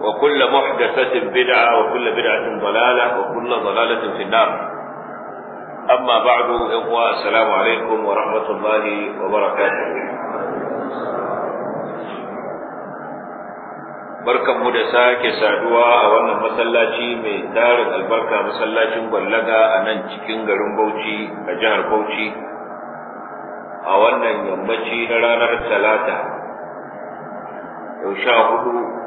وكل محدثة بدعة وكل بدعة ضلالة وكل ضلالة في النار أما بعد إخوة السلام عليكم ورحمة الله وبركاته barkan mu da sake saduwa a wannan masallaci mai tarin albarka masallacin gwallaga a nan cikin garin Bauchi a jihar Bauchi a wannan yammaci na ranar Talata yau sha hudu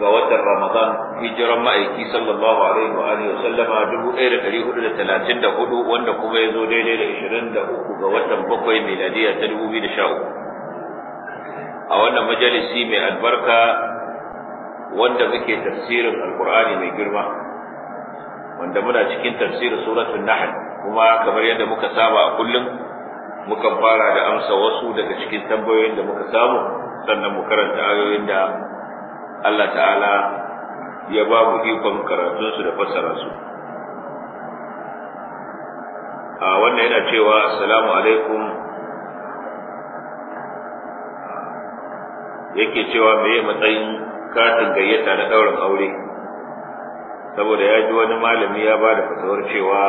ga watan Ramadan hijiran ma'aiki sallallahu alaihi wa alihi sallama dubu ɗaya da ɗari hudu da talatin da hudu wanda kuma ya zo daidai da ishirin da uku ga watan bakwai miladiya ta dubu biyu da sha uku. A wannan majalisi mai albarka wanda muke tafsirin Alƙur'ani mai girma wanda muna cikin tafsirin suratul Nahal kuma kamar yadda muka saba a kullum mukan fara da amsa wasu daga cikin tambayoyin da muka samu sannan mu karanta ayoyin da Allah ta'ala ya ba mu ikon karatunsu da fassara su a wannan yana cewa assalamu alaikum yake cewa ya matsayin katin gayyata na ɗaurin aure saboda ya ji wani malami ya ba da fatawar cewa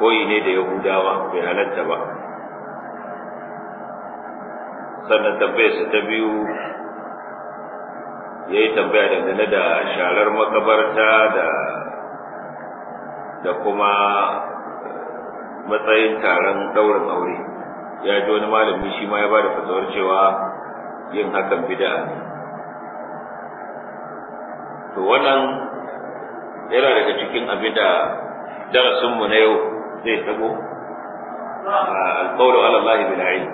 koyi ne da yahudawa bai halatta ba sannan tambayarsa ta biyu ya yi tambaya dangane da sharar makabarta da kuma matsayin taron ɗaurin aure ya ji wani malami shi ma ya ba da fasawar cewa yin hakan bid'a to wannan yana daga cikin abin da darasinmu na yau zai tago alƙawar ala Allah bil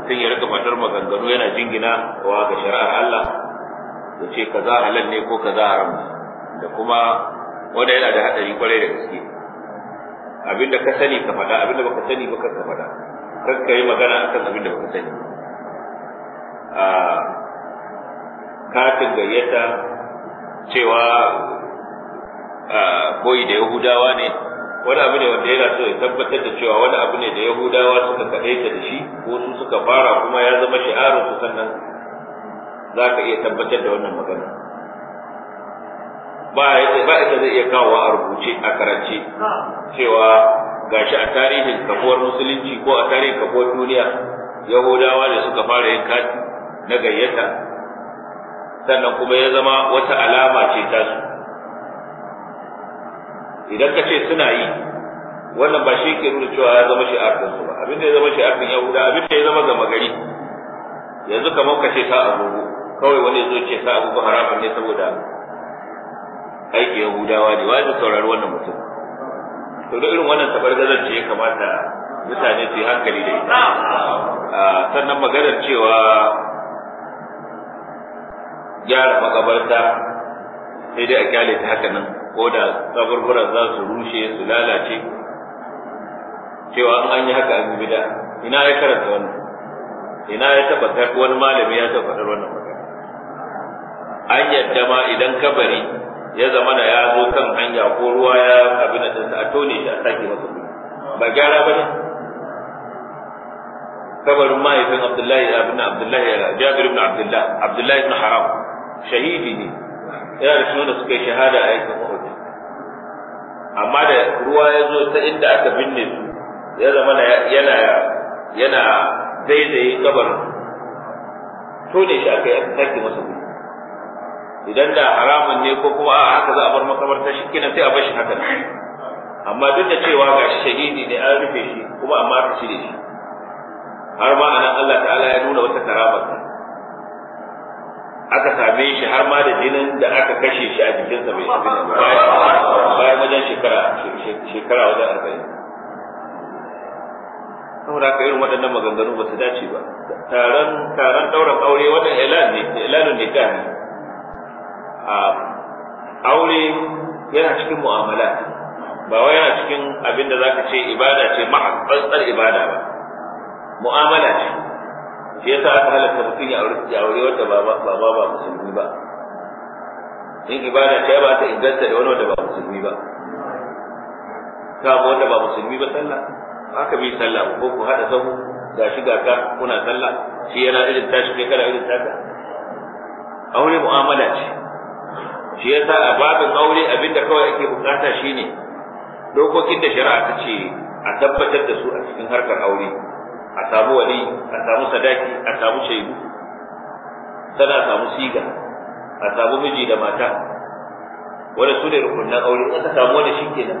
mutum ya rika fatar maganganu yana jingina wa ga shari'ar Allah ya ce kaza halal ne ko kaza haram da kuma wanda yana da hadari kwarai da gaske da ka sani ka faɗa da baka sani ba ka faɗa kar ka yi magana akan abin da baka sani a katin gayyata cewa koyi da yahudawa ne wani abu ne wanda yana so ya tabbatar da cewa wani abu ne da yahudawa suka kaɗaita da shi ko su suka fara kuma ya zama shi'arun su sannan za ka iya tabbatar da wannan magana ba ba ita zai iya kawowa a rubuce a karance cewa gashi a tarihin kafuwar musulunci ko a tarihin kafuwar duniya yahudawa da suka fara yin kati na gayyata sannan kuma ya zama wata alama ce ta su idan ka ce suna yi wannan ba shi ke nuna cewa ya zama shi a su ba abin da ya zama a din yahuda abin da ya zama gama gari yanzu kamar ka ce sa agogo kawai wani zo ce ka abubu haramun ne saboda aiki yahudawa ne wani saurari wannan mutum to da irin wannan tabargazar ce ya kamata mutane su yi hankali da ita sannan maganar cewa gyara makabarta sai dai a kyale ta haka nan ko da kaburbura za su rushe su lalace cewa an yi haka an bida ina ya karanta wannan ina ya tabbatar wani malami ya tabbatar wannan an yadda ma idan kabari ya zama da ya zo kan hanya ko ruwa ya abin da ta a tone da a sake masa kuɗi ba gyara ba ne kabarin mahaifin abdullahi abin abdullahi jabir ibn abdullahi abdullahi ibn haram shahidi ne yana da suna suka yi shahada a yankin uhud amma da ruwa ya zo ta inda aka binne su ya zama yana yana daidaye kabarin tone shi aka yi a sake masa kuɗi idan da haramun ne ko kuma a haka za a bar makabarta shi kenan sai a bar shi haka amma duk da cewa ga shahidi ne an rufe shi kuma amma aka cire shi har ma anan Allah ta'ala ya nuna wata karama aka same shi har ma da jinin da aka kashe shi a sa bai shi bayan wajen shekara shekara wajen arba'in saboda haka irin waɗannan maganganu ba su dace ba taron taron ɗaurin aure wannan ilan ne ilanin nikah ne aure yana cikin mu'amala ba wai yana cikin abin da zaka ce ibada ce mahabbatsar ibada ba mu'amala ce shi yasa aka halatta mutum ya aure ya aure wanda ba ba ba musulmi ba in ibada ce ba ta inganta da wani wanda ba musulmi ba ka ba wanda ba musulmi ba sallah haka bi sallah ko ku hada zamu ga shi ga ka kuna sallah shi yana irin tashi kai kana irin taka aure mu'amala ce shi yasa a babin aure abinda kawai ake bukata shine dokokin da shari'a ta ce a tabbatar da su a cikin harkar aure a samu wali a samu sadaki a samu shaidu sana samu siga a samu miji da mata wanda su ne rukunan aure in aka samu wani shi kenan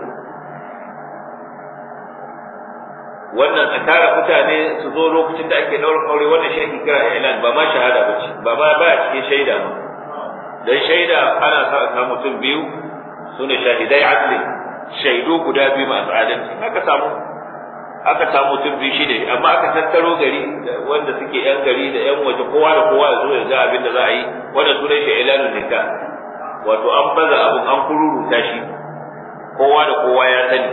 wannan a tara mutane su zo lokacin da ake daura aure wannan shi ake kira ilan ba ma shahada ba ce ba ma ba a cikin shaida ba dan shaida ana sa a samu mutum biyu sune shahidai adli shaidu guda biyu masu adalci aka samu aka samu mutum biyu shi ne, amma aka tattaro gari wanda suke yan gari da yan waje kowa da kowa ya zo ya ga abin da za a yi wanda sunan shi ilanun nika wato an baza abin an kururuta shi kowa da kowa ya sani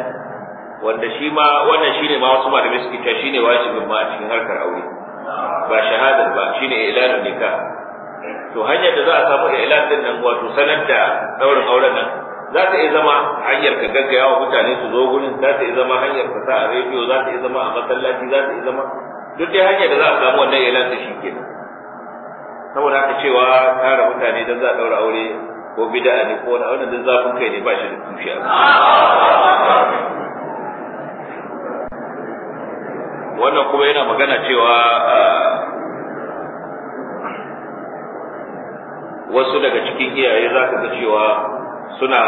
wanda shi ma wannan ne ma wasu malamai suke cewa ne wajibin ma a cikin harkar aure ba shahadar ba Shi ne ilanun nika to hanyar da za a samu ilan din nan wato sanar da daurin auren nan za ta iya zama hanyar ka gaggaya wa mutane su zo gurin za ta iya zama hanyar ka sa a rediyo za ta iya zama a masallaci za ta iya zama duk dai hanyar da za a samu wannan ilan din shi ke, saboda haka cewa tara mutane don za a daura aure ko bid'a ne ko wani aure din zafin kai ne ba shi da tushe wannan kuma yana magana cewa ah, wasu daga cikin iyaye za ka ga cewa suna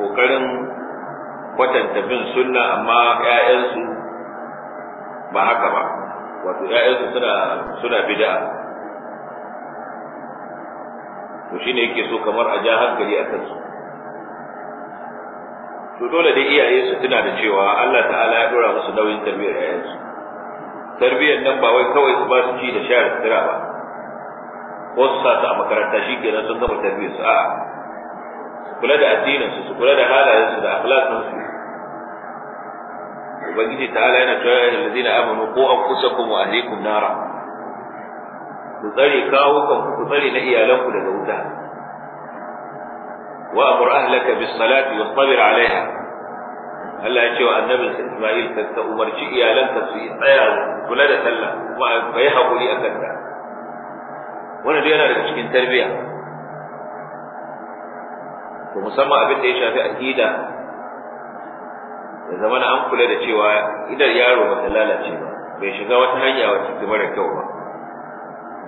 ƙoƙarin kwatanta bin sunna amma 'ya'yansu ba haka ba wato 'ya'yansu suna suna bid'a to shine yake so kamar a ja hankali a kansu to dole da iyaye su tuna da cewa Allah ta'ala ya dora musu nauyin tarbiyyar 'ya'yansu tarbiyyar nan ba wai kawai su ba su ci da sha da ba ko su sa su a makaranta shi kenan sun gama tarbiyyar su a'a kula da addinin su kula da halayen su da akhlaqin su ubangiji ta'ala yana cewa ya allazina amanu qu anfusakum wa ahlikum nara ku tsare kawo kan ku tsare na iyalanku daga wuta wa amur ahlaka bis salati wa sabir alaiha Allah ya ce wa annabin Isma'il ka umarci iyalanka su tsaya kula da sallah kuma ka yi hakuri akan ta wannan duk yana daga cikin tarbiyya to musamman abin da ya shafi aqida da zamana an kula da cewa idan yaro ba ta lalace ba bai shiga wata hanya wacce ta mara kyau ba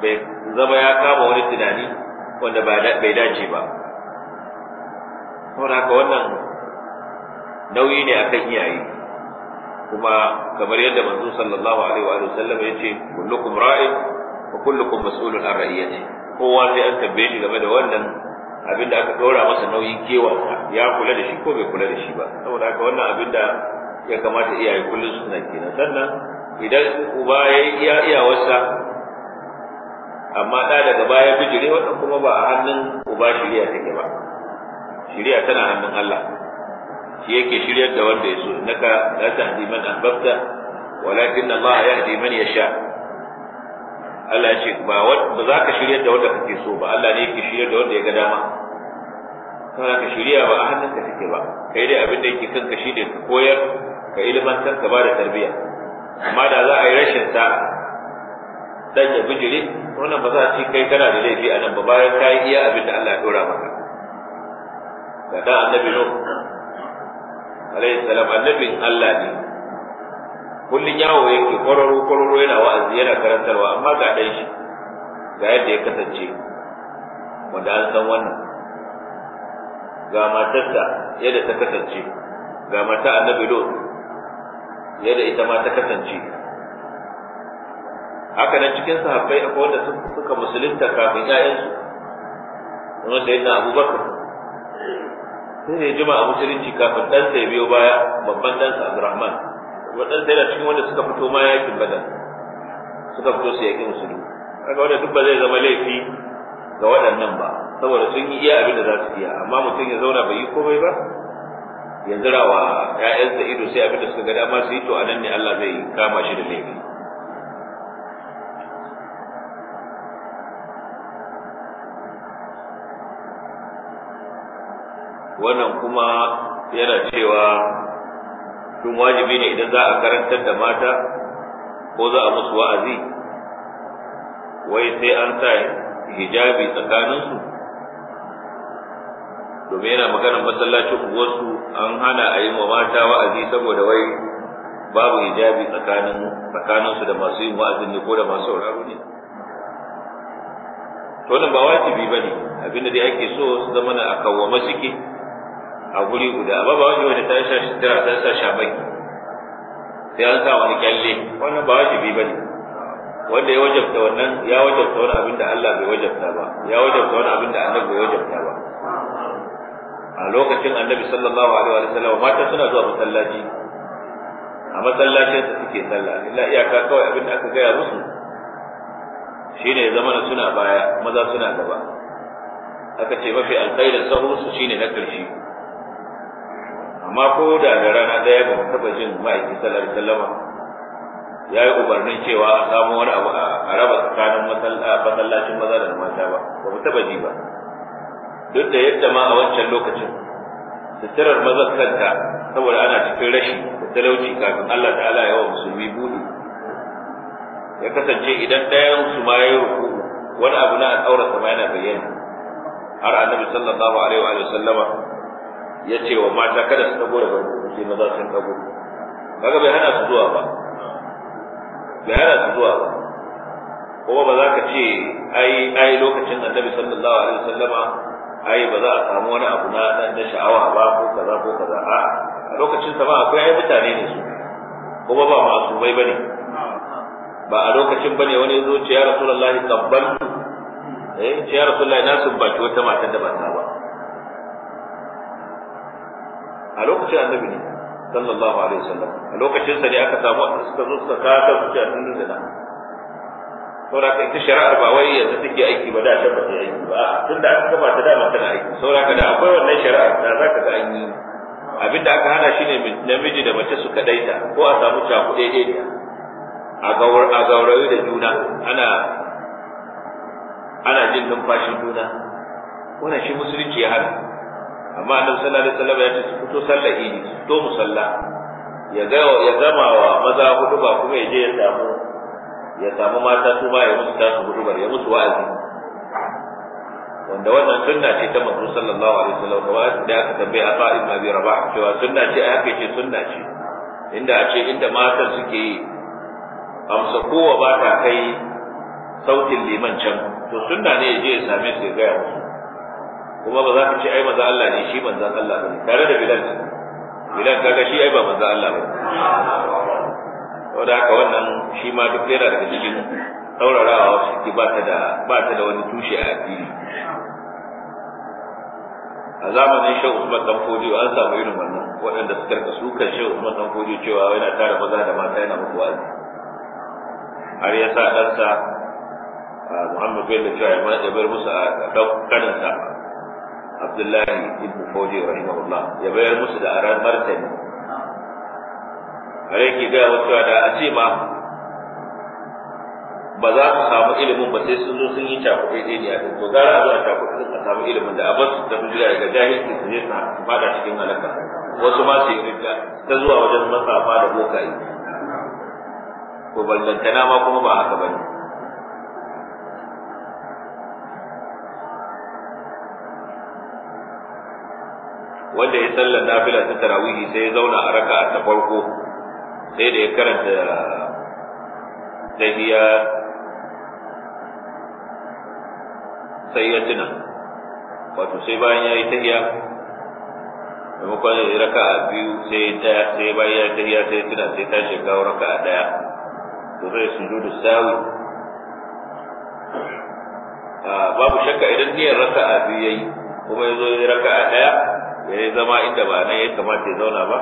bai zama ya kama wani tunani wanda bai dace ba saboda haka wannan nauyi ne akan iyaye kuma kamar yadda manzo sallallahu alaihi wa sallam ya ce kullukum ra'in fa kullukum mas'ulun an ra'iyati kowa sai an tambaye shi game da wannan abin da aka dora masa nauyin kewa ya kula da shi ko bai kula da shi ba saboda haka wannan abin da ya kamata iyaye kullum suna kenan sannan idan uba ya yi iya iyawarsa amma ɗa daga baya bijire wannan kuma ba a hannun uba shirya take ba shirya tana hannun Allah shi yake shiryar da wanda ya so naka la tahdi man ahbabta walakin Allah yahdi man yasha Allah ya ce ba ba za ka shirya da wanda kake so ba Allah ne yake shirya da wanda ya ga dama kana ka shirya ba a hannunka take ba kai dai abin da yake kanka shine ka koyar ka ilmantar ka ba da tarbiyya amma da za a yi rashin sa dan ya bijire wannan ba za a ce kai kana da laifi a nan ba bayan ka yi iya abin da Allah ya dora maka da dan annabi Nuh alaihi salam annabin Allah ne kullun yawo yake kwararo kwararo yana wa'azi yana karantarwa amma ga dan shi ga yadda ya kasance wanda an san wannan ga matarsa yadda ta kasance ga mata annabi lot yadda ita ma ta kasance haka nan cikin sahabbai akwai wanda suka musulunta kafin ƴaƴansu wanda sai na abubakar sai ya jima a musulunci kafin ɗansa ya biyo baya babban ɗansa abdurrahman waɗansu yana cikin wanda suka fito ma yakin badar suka fito su yakin musulmi kaga wanda duk ba zai zama laifi ga waɗannan ba saboda sun yi iya abin da za su iya amma mutum ya zauna bai yi komai ba ya zira wa ‘ya'yansa ido sai abin da suka ga dama su yi to anan ne Allah zai kama shi da laifi wannan kuma yana cewa tun wajibi ne idan za a karantar da mata ko za a musu wa'azi wai sai an sa hijabi tsakaninsu domin yana maganar masallacin wasu an hana a yi wa mata wa'azi saboda wai babu hijabi tsakaninsu da masu yin wa'azin ne ko da masu sauraro ne to wannan ba wajibi ba ne abinda dai ake so su zama na a kawwama suke a guri guda ba ba wani wanda ta sa ta sa shabai sai an sa wani kyalle wannan ba wajibi ba ne wanda ya wajabta wannan ya wajabta wani abin da Allah bai wajabta ba ya wajabta wani abin da annabi bai wajabta ba a lokacin annabi sallallahu alaihi wa sallam mata suna zuwa masallaci a masallacin su suke sallah illa iyaka kawai abin da aka gaya musu shine ya zama suna baya maza suna gaba aka ce mafi alkhairin sahu su shine na karshe amma ko da da rana ɗaya ba mu taɓa jin ma'aikin sallallahu ya yi umarnin cewa a samu wani abu a raba tsakanin masallacin maza da mata ba ba mu taɓa ji ba duk da yadda ma a wancan lokacin suturar mazan kanta saboda ana cikin rashi da talauci kafin Allah ta'ala yawa musulmi buɗe ya kasance idan ɗayan su ma ya ruku wani abu na al'aurarsa ma yana bayyana har annabi sallallahu alaihi wa sallama ya ce wa mata kada su dago da barkono sai maza sun dago kaga bai hana su zuwa ba bai hana su zuwa ba kuma ba za ka ce ai ai lokacin annabi sallallahu alaihi wasallama ai ba za a samu wani abu na dan da sha'awa ba ko kaza ko kaza a a lokacin sa ba akwai ai mutane ne su kuma ba masu bai bane ba a lokacin bane wani zo ce ya rasulullahi tabbal eh ce ya rasulullahi na sun baki wata matan da ba ta ba a lokacin annabi ne sallallahu alaihi wasallam a lokacin sa ne aka samu wanda suka zo suka kasa su a tun da saboda ita shari'ar ba wai yanzu take aiki ba da tabbata ta aiki ba tunda aka kafa ta dama tana aiki saboda da akwai wannan shari'ar da za ka ga an yi abin da aka hana shi ne namiji da mace su kadaita ko a samu cakuɗe ɗaya a gaurayi da juna ana ana jin numfashin juna wannan shi musulunci ya hana amma annabi sallallahu alaihi wasallam ya ce su fito sallar idi su fito musalla ya ga ya gama wa maza hudu ba kuma ya je ya samu ya samu mata su ma ya musu tasu hudu ya musu wa'azi wanda wannan sunna ce ta manzo sallallahu alaihi wasallam kamar da aka tambaye a fa'in ma biyar rabah cewa sunna ce ai haka ce sunna ce inda a ce inda matan suke yi amsa kowa ba ta kai sautin liman can to sunna ne ya je ya same su ya gaya musu kuma ba za ka ce ai manzan Allah ne shi manzan Allah ne tare da Bilal Bilal kaga shi ai ba manzan Allah ba da haka wannan shi ma duk yana daga cikin saurarawa wasu ke ba ta da ba ta da wani tushe a addini a zamanin shan Usman dan Fodi an samu irin wannan waɗanda suka rika sukan shan Usman dan Fodi cewa yana tara maza da mata yana muku wa'azi har ya sa ɗansa ah, Muhammad Bello cewa ya bar musu a ɗan kaninsa abdullahi ibn fawzi rahimahullah ya bayar musu da aran martani har yake ga wato da a ce ma ba za su samu ilimin ba sai sun zo sun yi cakuɗe ɗaya ne a to gara a zo a cakuɗe sun a samu ilimin da a ba su tafi jira daga jahilci su je su fada cikin halaka wasu ma su yi rigga ta zuwa wajen matsafa da bokaye to ballantana ma kuma ba haka ba ne wanda ya salla nafila ta tarawihi sai ya zauna a raka ta farko sai da ya karanta tahiya sai ya tuna wato sai bayan ya yi tahiya maimakon ya yi a biyu sai daya sai bayan ya yi tahiya sai ya tuna sai ta shiga a daya to zai da sawi ah, babu shakka idan niyyar a biyu yayi kuma yazo raka a daya da eh, ya zama inda ba nan ya kamata ya zauna ba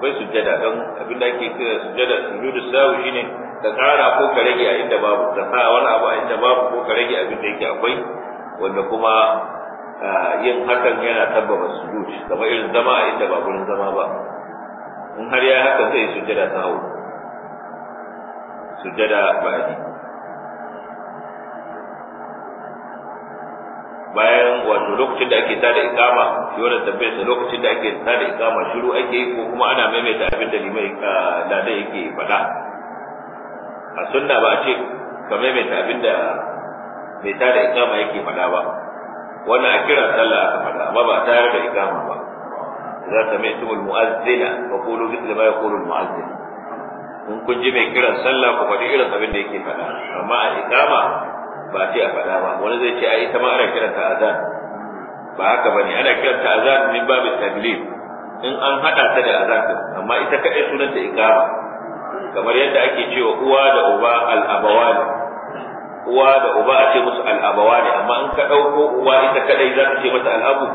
bai su jada don abin da ake kira da sujudu shi ne ka tsara ko ka rage a inda babu ka sa wani abu a inda babu ko ka rage abin da yake akwai wanda kuma yin hakan yana tabbaba yi kamar irin zama a inda ba gurin zama ba in har ya haka zai su jada sujjada ne. bayan wato lokacin da ake tada ikama yau da tambayar sa lokacin da ake tada ikama shiru ake yi ko kuma ana maimaita abin da limai ladan yake faɗa a sunna ba a ce ka maimaita abin da mai tada ikama yake faɗa ba wannan a kira sallah aka faɗa amma ba a tayar da ikama ba za ta mai tumul mu'azzina ko qulu mithla ma yaqulu al-mu'azzin in kun ji mai kiran sallah ku faɗi irin abin da yake faɗa amma a ikama ba sai a faɗa ba wani zai ce ai ita ma ana kiranta azan ba haka bane ana kiranta azan min babin taglib in an haɗa ta da azan amma ita kaɗai ta iqama kamar yadda ake cewa uwa da uba al uwa da uba a ce musu al amma in ka ɗauko uwa ita kaɗai za ka ce mata al-abu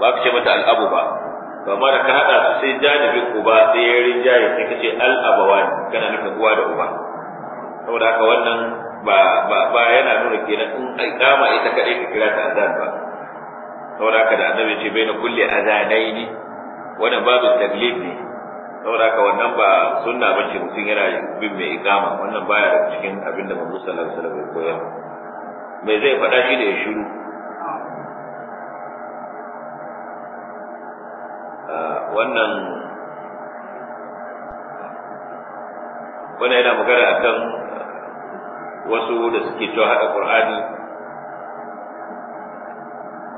ba ka ce mata al-abu ba to amma da ka haɗa su sai janibin uba sai yarin rinjaye sai ka ce al kana nufin uwa da uba saboda haka wannan ba ba yana nuna kenan in ai kama ita kade ka kira ta azan ba saboda haka da annabi ce baina kulli azanaini wannan babu taglib ne saboda haka wannan ba sunna bace mutum yana bin mai igama wannan baya da cikin abin da manzo sallallahu alaihi wasallam ya koyar mai zai faɗa shi da ya shiru ah, wannan wannan yana magana akan wasu da suke cewa hada qur'ani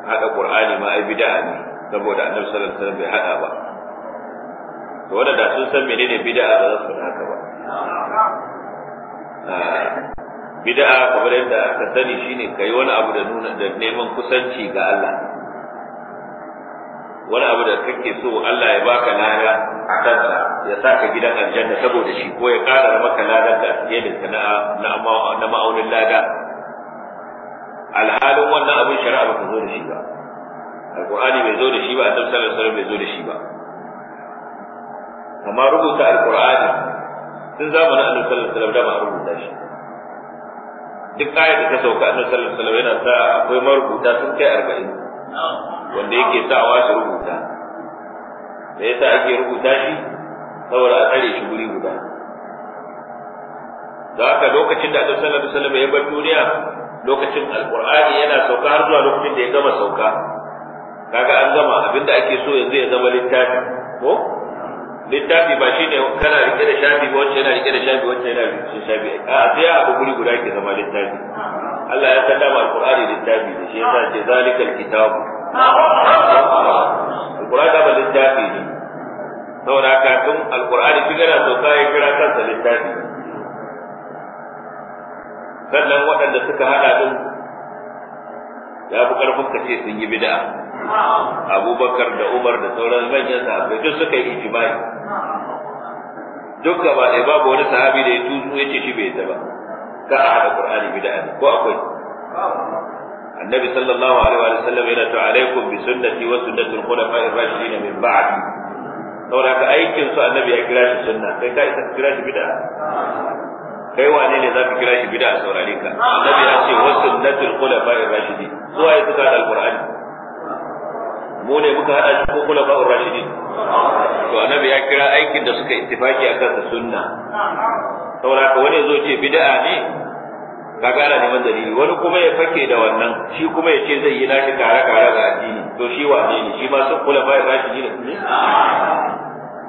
hada qur'ani ma ai bid'a ne saboda annabi sallallahu alaihi wasallam bai hada ba to wanda da sun san menene bid'a ba za su haka ba ah, bid'a kamar yadda aka sani shine kai wani abu da nuna da neman kusanci ga Allah wani abu da kake so Allah ya baka lada a kansa ya sa ka gidan aljanna saboda shi ko ya ƙara maka lada da asirin na ma'aunin lada alhalin wannan abin shari'a ba ka zo da shi ba alqur'ani bai zo da shi ba a sallallahu alaihi bai zo da shi ba amma rubuta alqur'ani tun zamanin annabi sallallahu alaihi wasallam da ba rubuta shi duk ayat da ta sauka annabi sallallahu alaihi wasallam yana sa akwai marubuta sun kai arba'in. wanda yake sawa shi rubuta da yasa ake rubuta shi saboda a tsare shi guri guda da haka lokacin da Annabi sallallahu alaihi wasallam ya bar duniya lokacin alqur'ani yana sauka har zuwa lokacin da ya gama sauka kaga an gama abinda ake so yanzu ya zama littafi ko littafi ba shi ne kana rike da shafi ba wacce yana rike da shafi wacce yana rike da shafi a sai abu guri guda ke zama littafi Allah ya sallama alqur'ani littafi da shi yasa ce zalikal kitabu alqur'ani da littafi ne saboda haka tun alqur'ani kin yana sauka ya kira kansa littafi sannan waɗanda suka haɗa ɗin. ya fi karfin kace sun yi bida'a. abubakar da umar da sauran manyan sahabbai duk suka yi ijma'i duk gaba ɗaya babu wani sahabi da ya tutsu ya ce shi bai yadda ba ka a haɗa ƙur'ani qur'ani bid'a ko akwai annabi sallallahu alaihi wa sallam yana to alaikum bi sunnati wa sunnati al-khulafa'ir rashidin min ba'd saboda ka aikin su annabi ya kira shi sunna kai ka isa kira shi bid'a kai wane ne zaka kira shi bid'a saurare ka annabi ya ce wa sunnati al-khulafa'ir rashidin zuwa ya suka da alqur'ani mu ne muka hada shi ko khulafa'ur rashidin to annabi ya kira aikin da suka ittifaki akan sunna saboda ka wani zo ce bid'a ne ka gana neman dalili wani kuma ya fake da wannan shi kuma ya ce zai yi nashi kare kare ga addini to shi wa ne shi ma sun kula bai rashi ne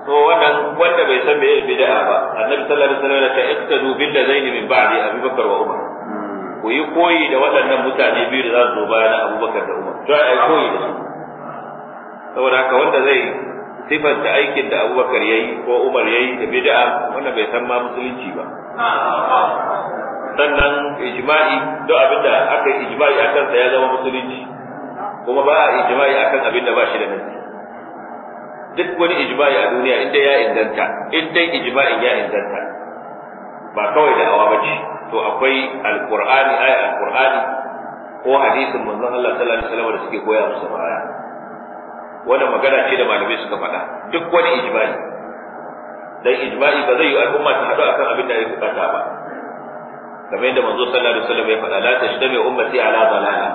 to wannan wanda bai san meye bid'a ba annabi sallallahu alaihi wasallam ta iktadu bil ladain min ba'di abubakar wa umar ku yi koyi da waɗannan mutane biyu da za su zo bayan abubakar da umar to ai koyi da su saboda haka wanda zai da aikin da abubakar ya yi ko umar ya yi da bid'a wanda bai san ma musulunci ba sannan ijma'i duk abin da aka yi ijma'i akan sa ya zama musulunci kuma ba a ijma'i akan abin da ba shi da nan duk wani ijma'i a duniya inda ya inganta inda ijma'in ya inganta ba kawai da awa bace to akwai alqur'ani aya alqur'ani ko hadisin manzon Allah sallallahu alaihi wasallam da suke koya musu baya wanda magana ce da malamai suka faɗa duk wani ijma'i dan ijma'i ba zai yi al'umma ta haɗu akan abin da ya bukata ba kamar yadda manzo sallallahu alaihi wasallam ya faɗa la tashtami ummati ala dalala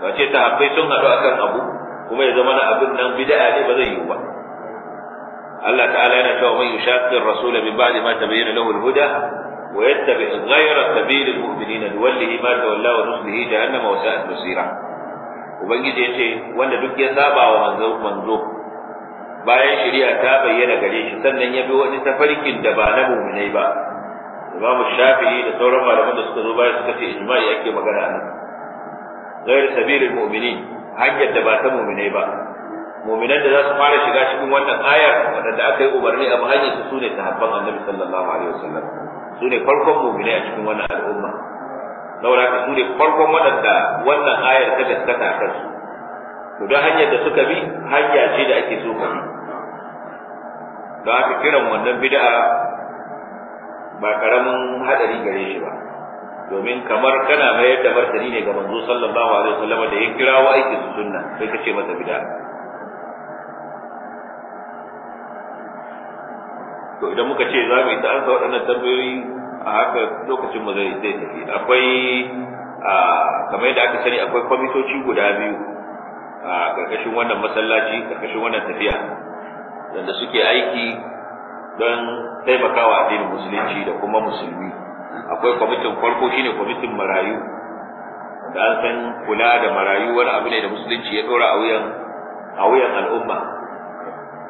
to ce ta habbai sun haɗu akan abu kuma ya zama na abin nan bid'a ne ba zai yiwu ba Allah ta'ala yana cewa man yushaqqir rasul min ba'di ma tabayyana lahu al-huda wa yattabi' ghayra sabil al-mu'minina nuwallihi ma tawalla wa nuslihi jahannama wa sa'at masira ubangiji yace wanda duk ya saba wa manzo manzo bayan shari'a ta bayyana gare shi sannan ya bi wani tafarkin da ba na mu'minai ba imam shafi'i da sauran malaman da suka zo bayan suka ce ijma'i ake magana nan ghayr sabilil mu'minin hanyar da ba ta mu'minai ba mu'minan da za su fara shiga cikin wannan ayar wadanda aka yi umarni a hanyar su sune sahabban annabi sallallahu alaihi wasallam sune farkon mu'minai a cikin wannan al'umma saboda haka sune farkon wadanda wannan ayar ta gaskata a kansu to don hanyar da suka bi hanya ce da ake so ka bi don haka kiran wannan bid'a ba karamin hadari gare shi ba domin kamar kana mayar da martani ne ga manzo sallallahu alaihi wasallam da ya kira wa aiki sunna sai ka ce masa bid'a to idan muka ce za mu yi ta ansa waɗannan tambayoyi a haka lokacin mu zai zai tafi akwai a kamar yadda aka sani akwai kwamitoci guda biyu a ƙarƙashin wannan masallaci ƙarƙashin wannan tafiya wanda suke aiki don taimakawa addinin musulunci da kuma musulmi akwai kwamitin farko shine kwamitin marayu da an san kula da marayu wani abu ne da musulunci ya dora a wuyan a wuyan al'umma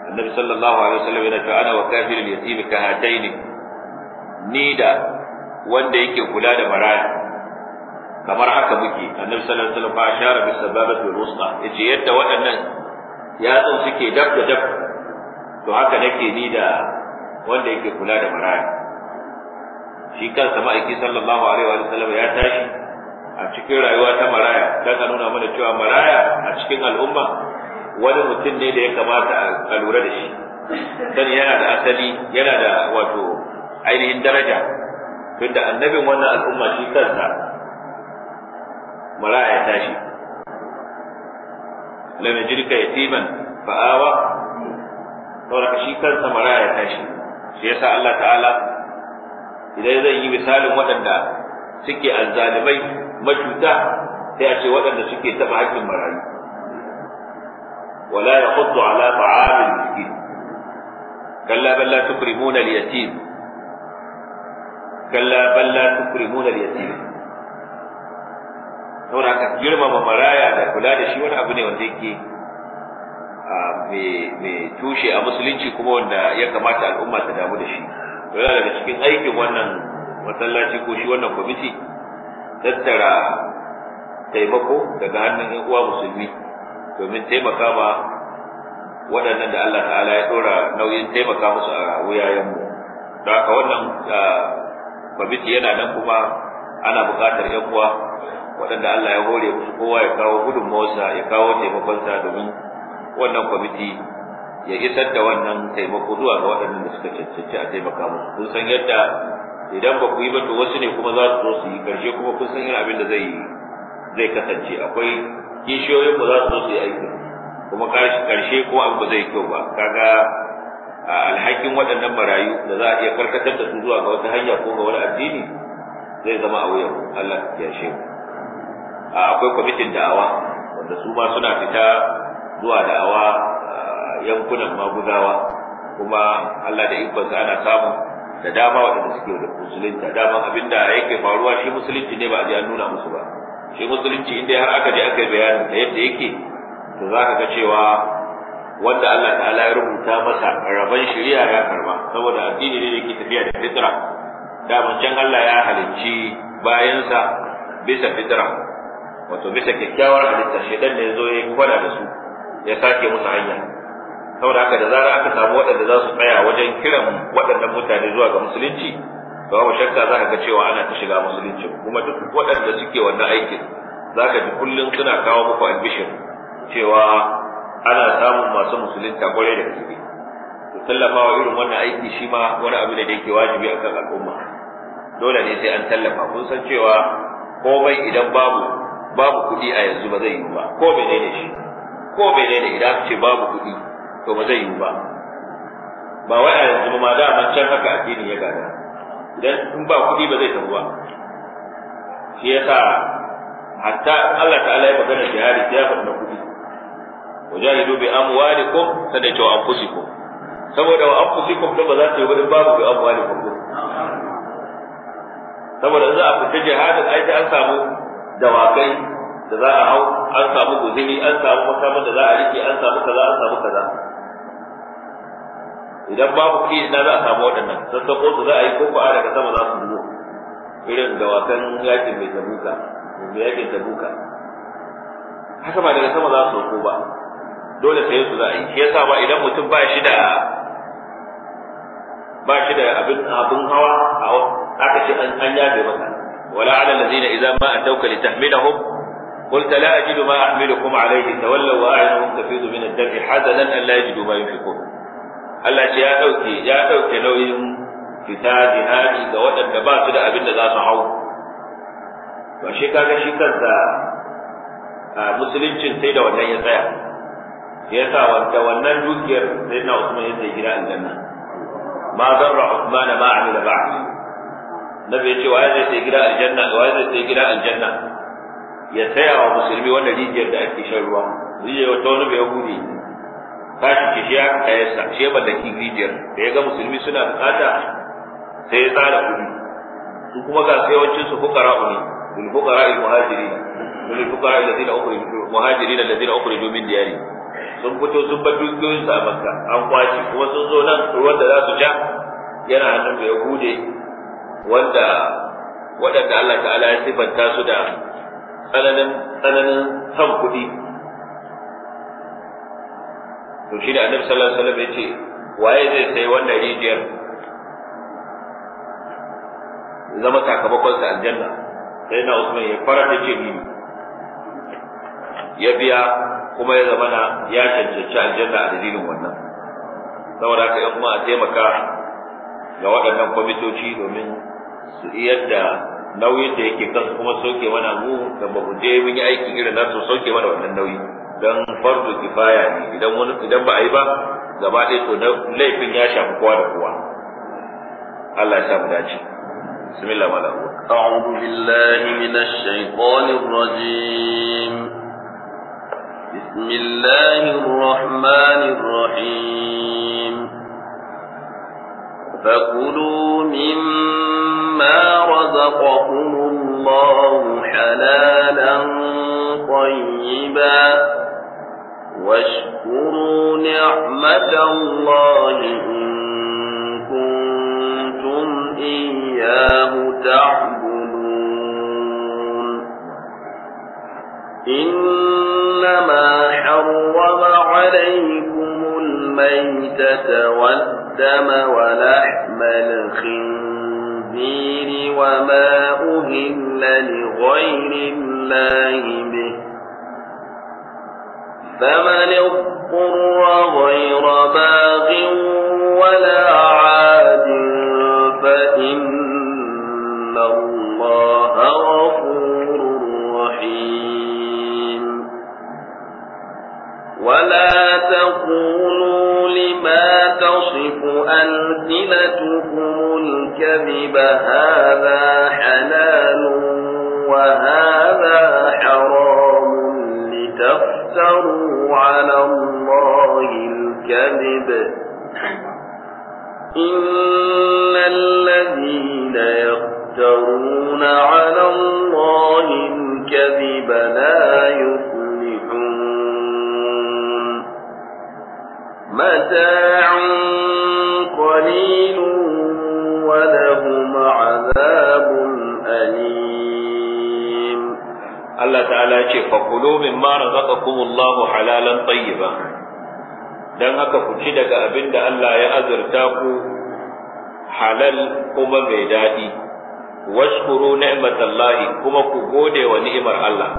annabi sallallahu alaihi wasallam yana cewa ana wa kafirul yatim ka hataini ni da wanda yake kula da marayu kamar haka muke annabi sallallahu alaihi wasallam ba shara bis sababati wal wusta yace yadda waɗannan yatsun suke dab da dab to haka nake ni da wanda yake kula da maraya shi kansa ma'aiki sallallahu alaihi wa sallam ya tashi a cikin rayuwa ta maraya dan a nuna mana cewa maraya a cikin al'umma wani mutum ne da ya kamata a lura da shi dan yana da asali yana da wato ainihin daraja tunda annabin wannan al'umma shi kansa maraya ya tashi lam yajidka yatiman fa'awa saboda shi kansa maraya ya tashi shi yasa Allah ta'ala idan zai yi misalin waɗanda suke alzalimai macuta sai a ce waɗanda suke taɓa haƙƙin marayu wala yahuddu ala ta'amil miskin kalla balla tukrimuna al-yatim kalla balla tukrimuna al-yatim saboda haka girmama maraya da kula da shi wani abu ne wanda yake mai tushe a musulunci kuma wanda ya kamata al'umma ta damu da shi yana daga cikin aikin wannan masallaci ko shi wannan kwamiti tattara taimako daga hannun yan uwa musulmi domin taimaka ma waɗannan da Allah ta'ala ya ɗora nauyin taimaka musu a wuyayenmu da haka wannan kwamiti yana nan kuma ana buƙatar yan uwa waɗanda Allah ya hore musu kowa ya kawo gudunmawarsa ya kawo taimakonsa domin wannan kwamiti ya isar da wannan taimako zuwa ga waɗannan da suka cancanci a taimaka musu kun san yadda idan ba ku yi ba to wasu ne kuma za su zo su yi karshe kuma kun san yin abin da zai zai kasance akwai kishiyoyin ba za su zo su yi aiki kuma karshe kuma abin ba zai kyau ba kaga alhakin waɗannan marayu da za a iya karkatar da su zuwa ga wata hanya ko ga wani addini zai zama a wuyan Allah ya shehu akwai kwamitin da'awa wanda su ma suna fita zuwa da awa yankunan maguzawa kuma Allah da ikonsa ana samu da dama waɗanda suke da musulunci dama abinda yake faruwa shi musulunci ne ba a je an nuna musu ba shi musulunci inda har aka je aka yi bayanin da yadda yake to za ka ga cewa wanda Allah ta'ala ya rubuta masa rabon shari'a ya karba saboda addini ne yake tafiya da fitra daman can Allah ya halicci bayansa bisa fitra wato bisa kyakkyawar halitta shedan ne ya zo ya kwada da su ya sake musu hanya saboda haka da zara aka samu waɗanda za su tsaya wajen kiran waɗannan mutane zuwa ga musulunci babu shakka za ka ga cewa ana ta shiga musulunci kuma duk waɗanda suke wannan aikin za ka ji kullum suna kawo muku ambishin cewa ana samun masu musulunta kwarai da gaske tallafa wa irin wannan aiki shi ma wani abu ne da yake wajibi a kan al'umma dole ne sai an tallafa kun san cewa komai idan babu babu kuɗi a yanzu ba zai yi ba ko menene shi ko menene idan ce babu kuɗi to ba zai yiwu ba ba wai a yanzu ma da an can haka addini ya gada idan in ba kuɗi ba zai tafi ba shi yasa hatta Allah ta'ala ya magana jihadi ya faɗa kuɗi wajalidu bi amwalikum sanai to anfusikum saboda wa anfusikum to ba za ta yi wurin babu bi amwalikum saboda za a fita jihadin ai an samu dawakai da za a hau an samu guzuri an samu makaman da za a rike an samu kaza an samu kaza idan babu kuɗi na za a samu waɗannan sassaƙo su za a yi ko ko daga sama za su zo irin wasan yakin mai tabuka mai yakin tabuka haka ba daga sama za su sauko ba dole sai su za a yi shi yasa ba idan mutum ba shi da ba shi da abin abin hawa aka ce an yabe maka wala ala allazina idza ma atawka litahmilahum قلت لا أجد ما أحملكم عليه تولوا وأعينهم تفيض من الدمع حزنا أن لا يجدوا ما ينفقون هل يا أوتي يا أوتي لو كتاب جهاد إذا وجد نبات لا أبن ذا صحو وشكا كشكا مسلم سيدة وجه يا سا وانت وانا نجوكير سيدنا عثمان يسايا جراء الجنة ما ضر عثمان ما عمل بعد نبي يتي وهذا يسايا جراء الجنة وهذا يسايا جراء الجنة, وعزي جراء الجنة. ya saya wa musulmi wannan rijiyar da ake shan ruwa rijiyar wata wani bai yahudi tashi ce shi aka sa shi ya mallaki rijiyar da ya ga musulmi suna bukata sai ya tsara kuɗi su kuma ga sai wancin su fukara uni bil fukara al muhajiri? lil fukara alladhina ukhriju muhajirin alladhina ukhriju min diyari sun fito sun bar dukiyoyin su a makka an kwaci kuma sun zo nan ruwan da za su ja yana hannun bai yahude wanda waɗanda Allah ta'ala ya sifanta su da tsananin tsananin san kuɗi to shi da annabi sallallahu alaihi wasallam ya ce waye zai sai wannan rijiyar zama sakamakon sa aljanna sai na usman ya fara da ce ni ya biya kuma ya zama na ya cancanci aljanna a dalilin wannan saboda haka kuma a taimaka ga waɗannan kwamitoci domin su iya da nauyin da yake kansu kuma soke mana mu da ba mu je mun yi aiki irin nasu soke mana wannan nauyi dan fardu kifaya ne idan wani idan ba a yi ba gaba ɗaya to laifin ya shafi kowa da kowa Allah ya samu dace bismillah الله ولا أعوذ بالله من الشيطان الرجيم بسم الله الرحمن الرحيم فكلوا مما رزقكم الله حلالا طيبا واشكروا نعمة الله إن كنتم إياه تعبدون إنما حرم عليكم الميتة والدين الدم ولحم الخنزير وما أهل لغير الله به فمن اضطر غير باغ ولا عاد فإن الله ولا تقولوا لما تصف ألسنتكم الكذب هذا حلال وهذا حرام لتفتروا على الله الكذب إن الذين يفترون على الله الكذب لا Allah Ta'ala ولهم عذاب أليم الله تعالى يقول فكلوا مما رزقكم dan haka ku ci daga abin da Allah ya azurta ku halal kuma mai daɗi washkuru ni'matallahi kuma ku gode wa ni'imar Allah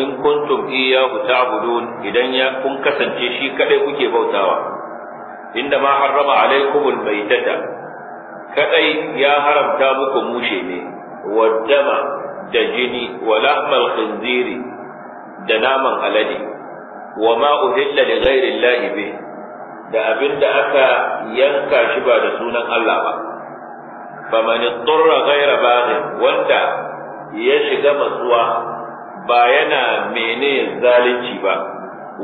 in kuntum iyyahu ta'budun idan ya kun kasance shi kadai kuke bautawa inda ma harrama alaikumul baitata kadai ya haramta muku mushe ne dama da jini wa lahmal khinziri da naman alade wa ma uhilla li ghairi llahi bi da abinda aka yanka shi ba da sunan Allah ba faman idurra ghaira baghin wanda ya shiga matsuwa ba yana mene zalunci ba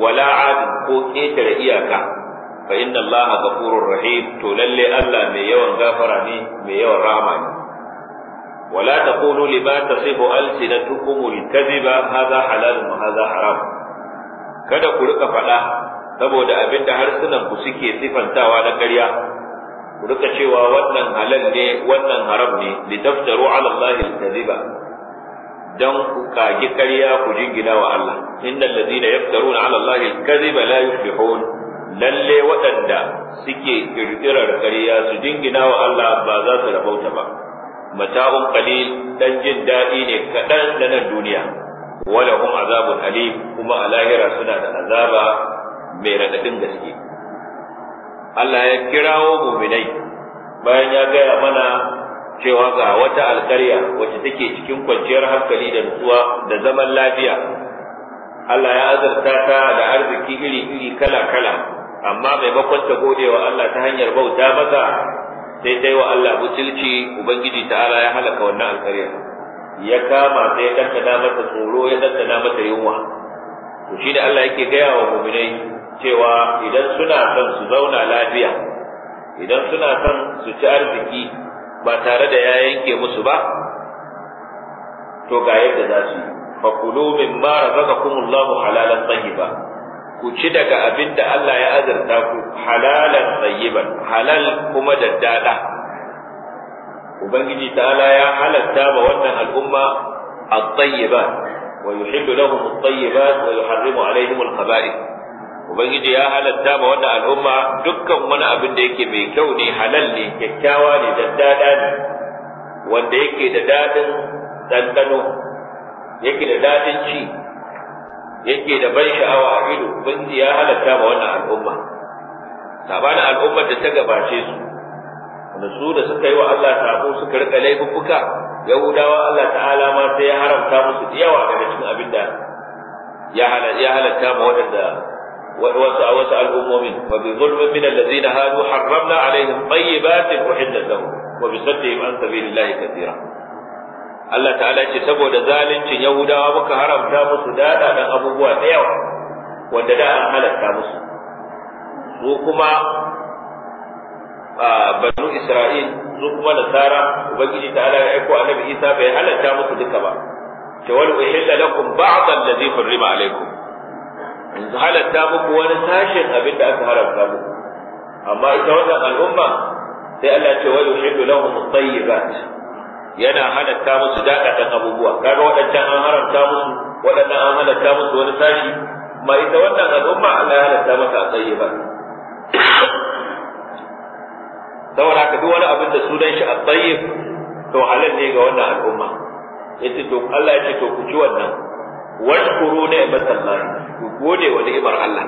wala adin ko ketare iyaka fa inna Allah ghafurur rahim to lalle Allah mai yawan gafara ne mai yawan rahama ne wala taqulu lima tasifu alsinatukum alkaziba hadha halal wa hadha haram kada ku rika faɗa saboda abinda harsunan ku suke sifantawa na ƙarya ku rika cewa wannan halal ne wannan haram ne litaftaru ala Allah alkaziba dan ku kage ƙarya ku jingina wa Allah innal ladina yaftaruna ala Allah alkaziba la yuflihun lalle waɗanda suke ƙirƙirar ƙarya su dingina wa Allah ba za su rabauta ba mata'un qalil dan jin daɗi ne kaɗan da nan duniya walahum azabun alim kuma a lahira suna da azaba mai raɗaɗin gaske Allah ya kirawo muminai bayan ya gaya mana cewa ga wata alƙarya wacce take cikin kwanciyar hankali da nutsuwa da zaman lafiya Allah ya azurta ta da arziki iri-iri kala-kala amma maimakon ta gode wa Allah ta hanyar bauta masa sai dai wa Allah butulci ubangiji ta'ala ya halaka wannan alƙarya ya kama sai ya dandana mata tsoro ya dandana mata yunwa to shi da Allah yake gaya wa mu'minai cewa idan suna son su zauna lafiya idan suna son su ci arziki ba tare da ya yanke musu ba to ga yadda za su yi fakulu mimma razaqakumullahu halalan tayyiba ku ci daga abin da Allah ya azurta ku halalan tsayiban halal kuma daddada. daɗa ubangiji ta'ala ya halatta ba wannan al'umma at-tayyibat wa yuhillu lahum at-tayyibat wa yuharrimu alaihim al-khaba'ith ubangiji ya halatta ba wannan al'umma dukkan wani abin da yake mai kyau ne halal ne kyakkyawa ne daddada ne wanda yake da dadin ɗanɗano yake da dadin ci yake da ban sha'awa a ido ubangiji ya halatta ma wannan al'umma sabana al'ummar da ta gabace su wanda su da suka yi wa Allah sako suka rika laifuffuka yahudawa Allah ta'ala ma sai ya haramta musu da yawa daga cikin abin da ya halatta ma waɗanda wasu a wasu al'ummomin wa bi zulmin min allazina hadu harramna alaihim tayyibatin uhillat lahum wa bi saddihim an sabilillahi kathira Allah ta'ala ce saboda zaluncin Yahudawa muka haramta musu dada dan abubuwa da yawa wanda da an halatta musu su kuma banu Isra'il su kuma Nasara ubangiji ta'ala ya aiko Annabi Isa bai halatta musu duka ba ce wal uhilla lakum ba'd allazi hurrima alaykum in halatta muku wani sashin abin da aka haramta muku amma ita wannan al'umma sai Allah ya ce wal uhillu lahum at-tayyibat yana halatta musu daɗaɗan abubuwa kaga waɗancan an haramta musu waɗannan an halatta musu wani sashi ma ita wannan al'umma Allah ya halatta mata a tsaye ba saboda haka duk wani abin da sunan shi a tsaye to halal ne ga wannan al'umma yace to Allah yace to ku ci wannan washkuru ni'matallahi ku gode wa ni'imar Allah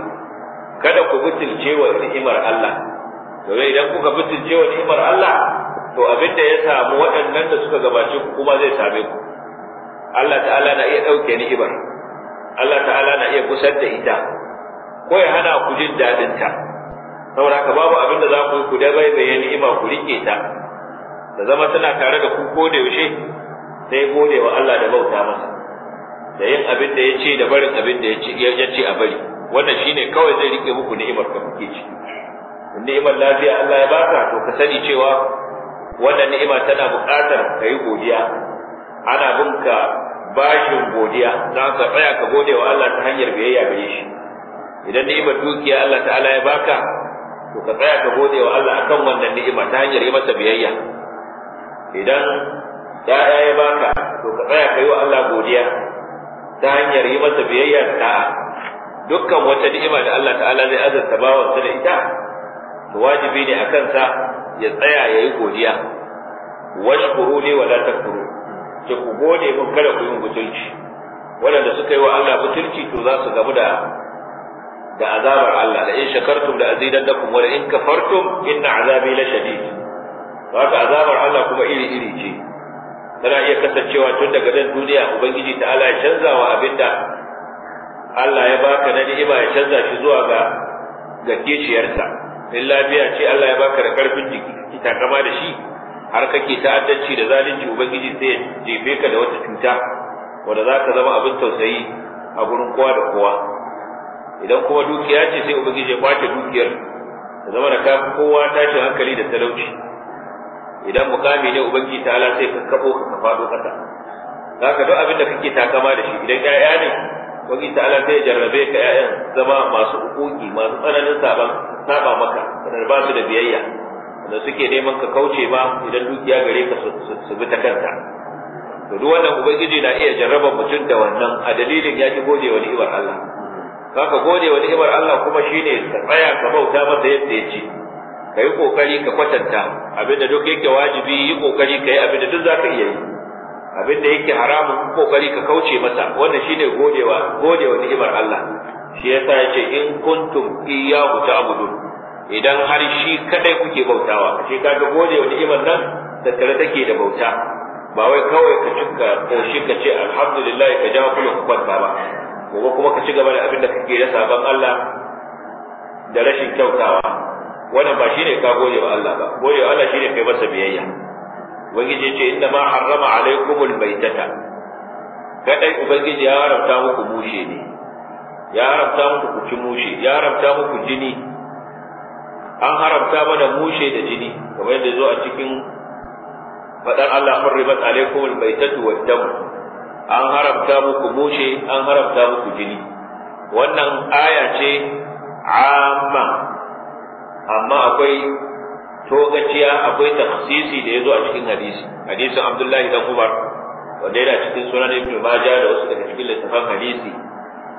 kada ku butulce wa ni'imar Allah to idan kuka butulce wa ni'imar Allah to abin da ya samu waɗannan da suka gabace ku kuma zai same ku Allah ta'ala na iya ɗauke ibar Allah ta'ala na iya kusar da ita ko ya hana ku jin daɗin ta saboda haka babu abin da za ku yi ku da bai bayan ni'ima ku rike ta da zama tana tare da ku ko da yaushe sai gode wa Allah da bauta masa da yin abin da ya ce da barin abin da ya ce a bari wannan shine kawai zai rike muku ni'imar da kuke ci ni'imar lafiya Allah ya baka to ka sani cewa wannan ni'ima tana buƙatar ka yi godiya ana bin ka bashin godiya za ka tsaya ka gode wa Allah ta hanyar biyayya gare shi idan ni'imar dukiya Allah ta'ala ya baka to ka tsaya ka gode wa Allah akan wannan ni'ima ta hanyar yi masa biyayya idan ya'ya ya baka to ka tsaya ka yi wa Allah godiya ta hanyar yi masa biyayya da da'a dukkan wata ni'ima da Allah ta'ala zai azurta bawansa da ita to wajibi ne a kansa ya tsaya ya yi godiya washkuru ne wala takfuru ki ku gode mun kada ku yi butulci waɗanda suka yi wa Allah butulci to za su gamu da da azabar Allah la in shakartum la azidannakum wa la in kafartum inna azabi la shadid haka azabar Allah kuma iri iri ce tana iya kasancewa tun daga nan duniya ubangiji ta Allah ya canza wa abinda Allah ya baka na ni'ima ya canza shi zuwa ga ga kiciyarsa in lafiya ce Allah ya baka da karfin jiki takama da shi har kake ta'addanci da zalunci ubangiji sai ya jefe ka da wata cuta wanda za ka zama abin tausayi a gurin kowa da kowa idan kuma dukiya ce sai ubangiji ya kwace dukiyar ta zama da kafin kowa tashin hankali da talauci idan mukami ne ubangiji ta'ala sai ka kabo ka faɗo ƙasa za ka duk abin da kake takama da shi idan 'ya'ya ne wani ta'ala zai jarrabe ka ƴaƴan zama masu ukuki masu tsananin saban saba maka da ba su da biyayya da suke neman ka kauce ma idan dukiya gare ka su bi ta kanta to duk wannan ubangiji na iya jarraba mutum da wannan a dalilin ya ki gode wa ni'imar Allah zaka gode wa ni'imar Allah kuma shine ka tsaya ka bauta masa yadda ya ce ka yi kokari ka kwatanta abinda duk yake wajibi yi kokari ka yi abinda duk zaka iya yi abin da yake haramun kokari ka kauce masa wannan shine godewa godewa ni'imar Allah shi yasa yace in kuntum iyyahu ta'budun idan har shi kadai kuke bautawa shi kaga godewa ni'imar nan da tare take da bauta ba wai kawai ka cika shi ka ce alhamdulillah ka ja kullum kwanta ba gobe kuma ka ci gaba da abin da kake da sabon Allah da rashin kyautawa wannan ba shine ka gode wa Allah ba gode wa Allah shine kai masa biyayya ubangiji ce inda ma harrama alaikumul baitata kadai ubangiji ya haramta muku mushe ne ya haramta muku ku ci mushe ya haramta muku jini an haramta mana mushe da jini kamar yadda zo a cikin fadar Allah hurrimat alaikumul baitatu wad dam an haramta muku mushe an haramta muku jini wannan aya ce amma amma akwai to gaciya akwai tafsisi da ya zo a cikin hadisi hadisin Abdullahi dan Umar wanda yana cikin sunan Ibn Majah da wasu daga cikin littafan hadisi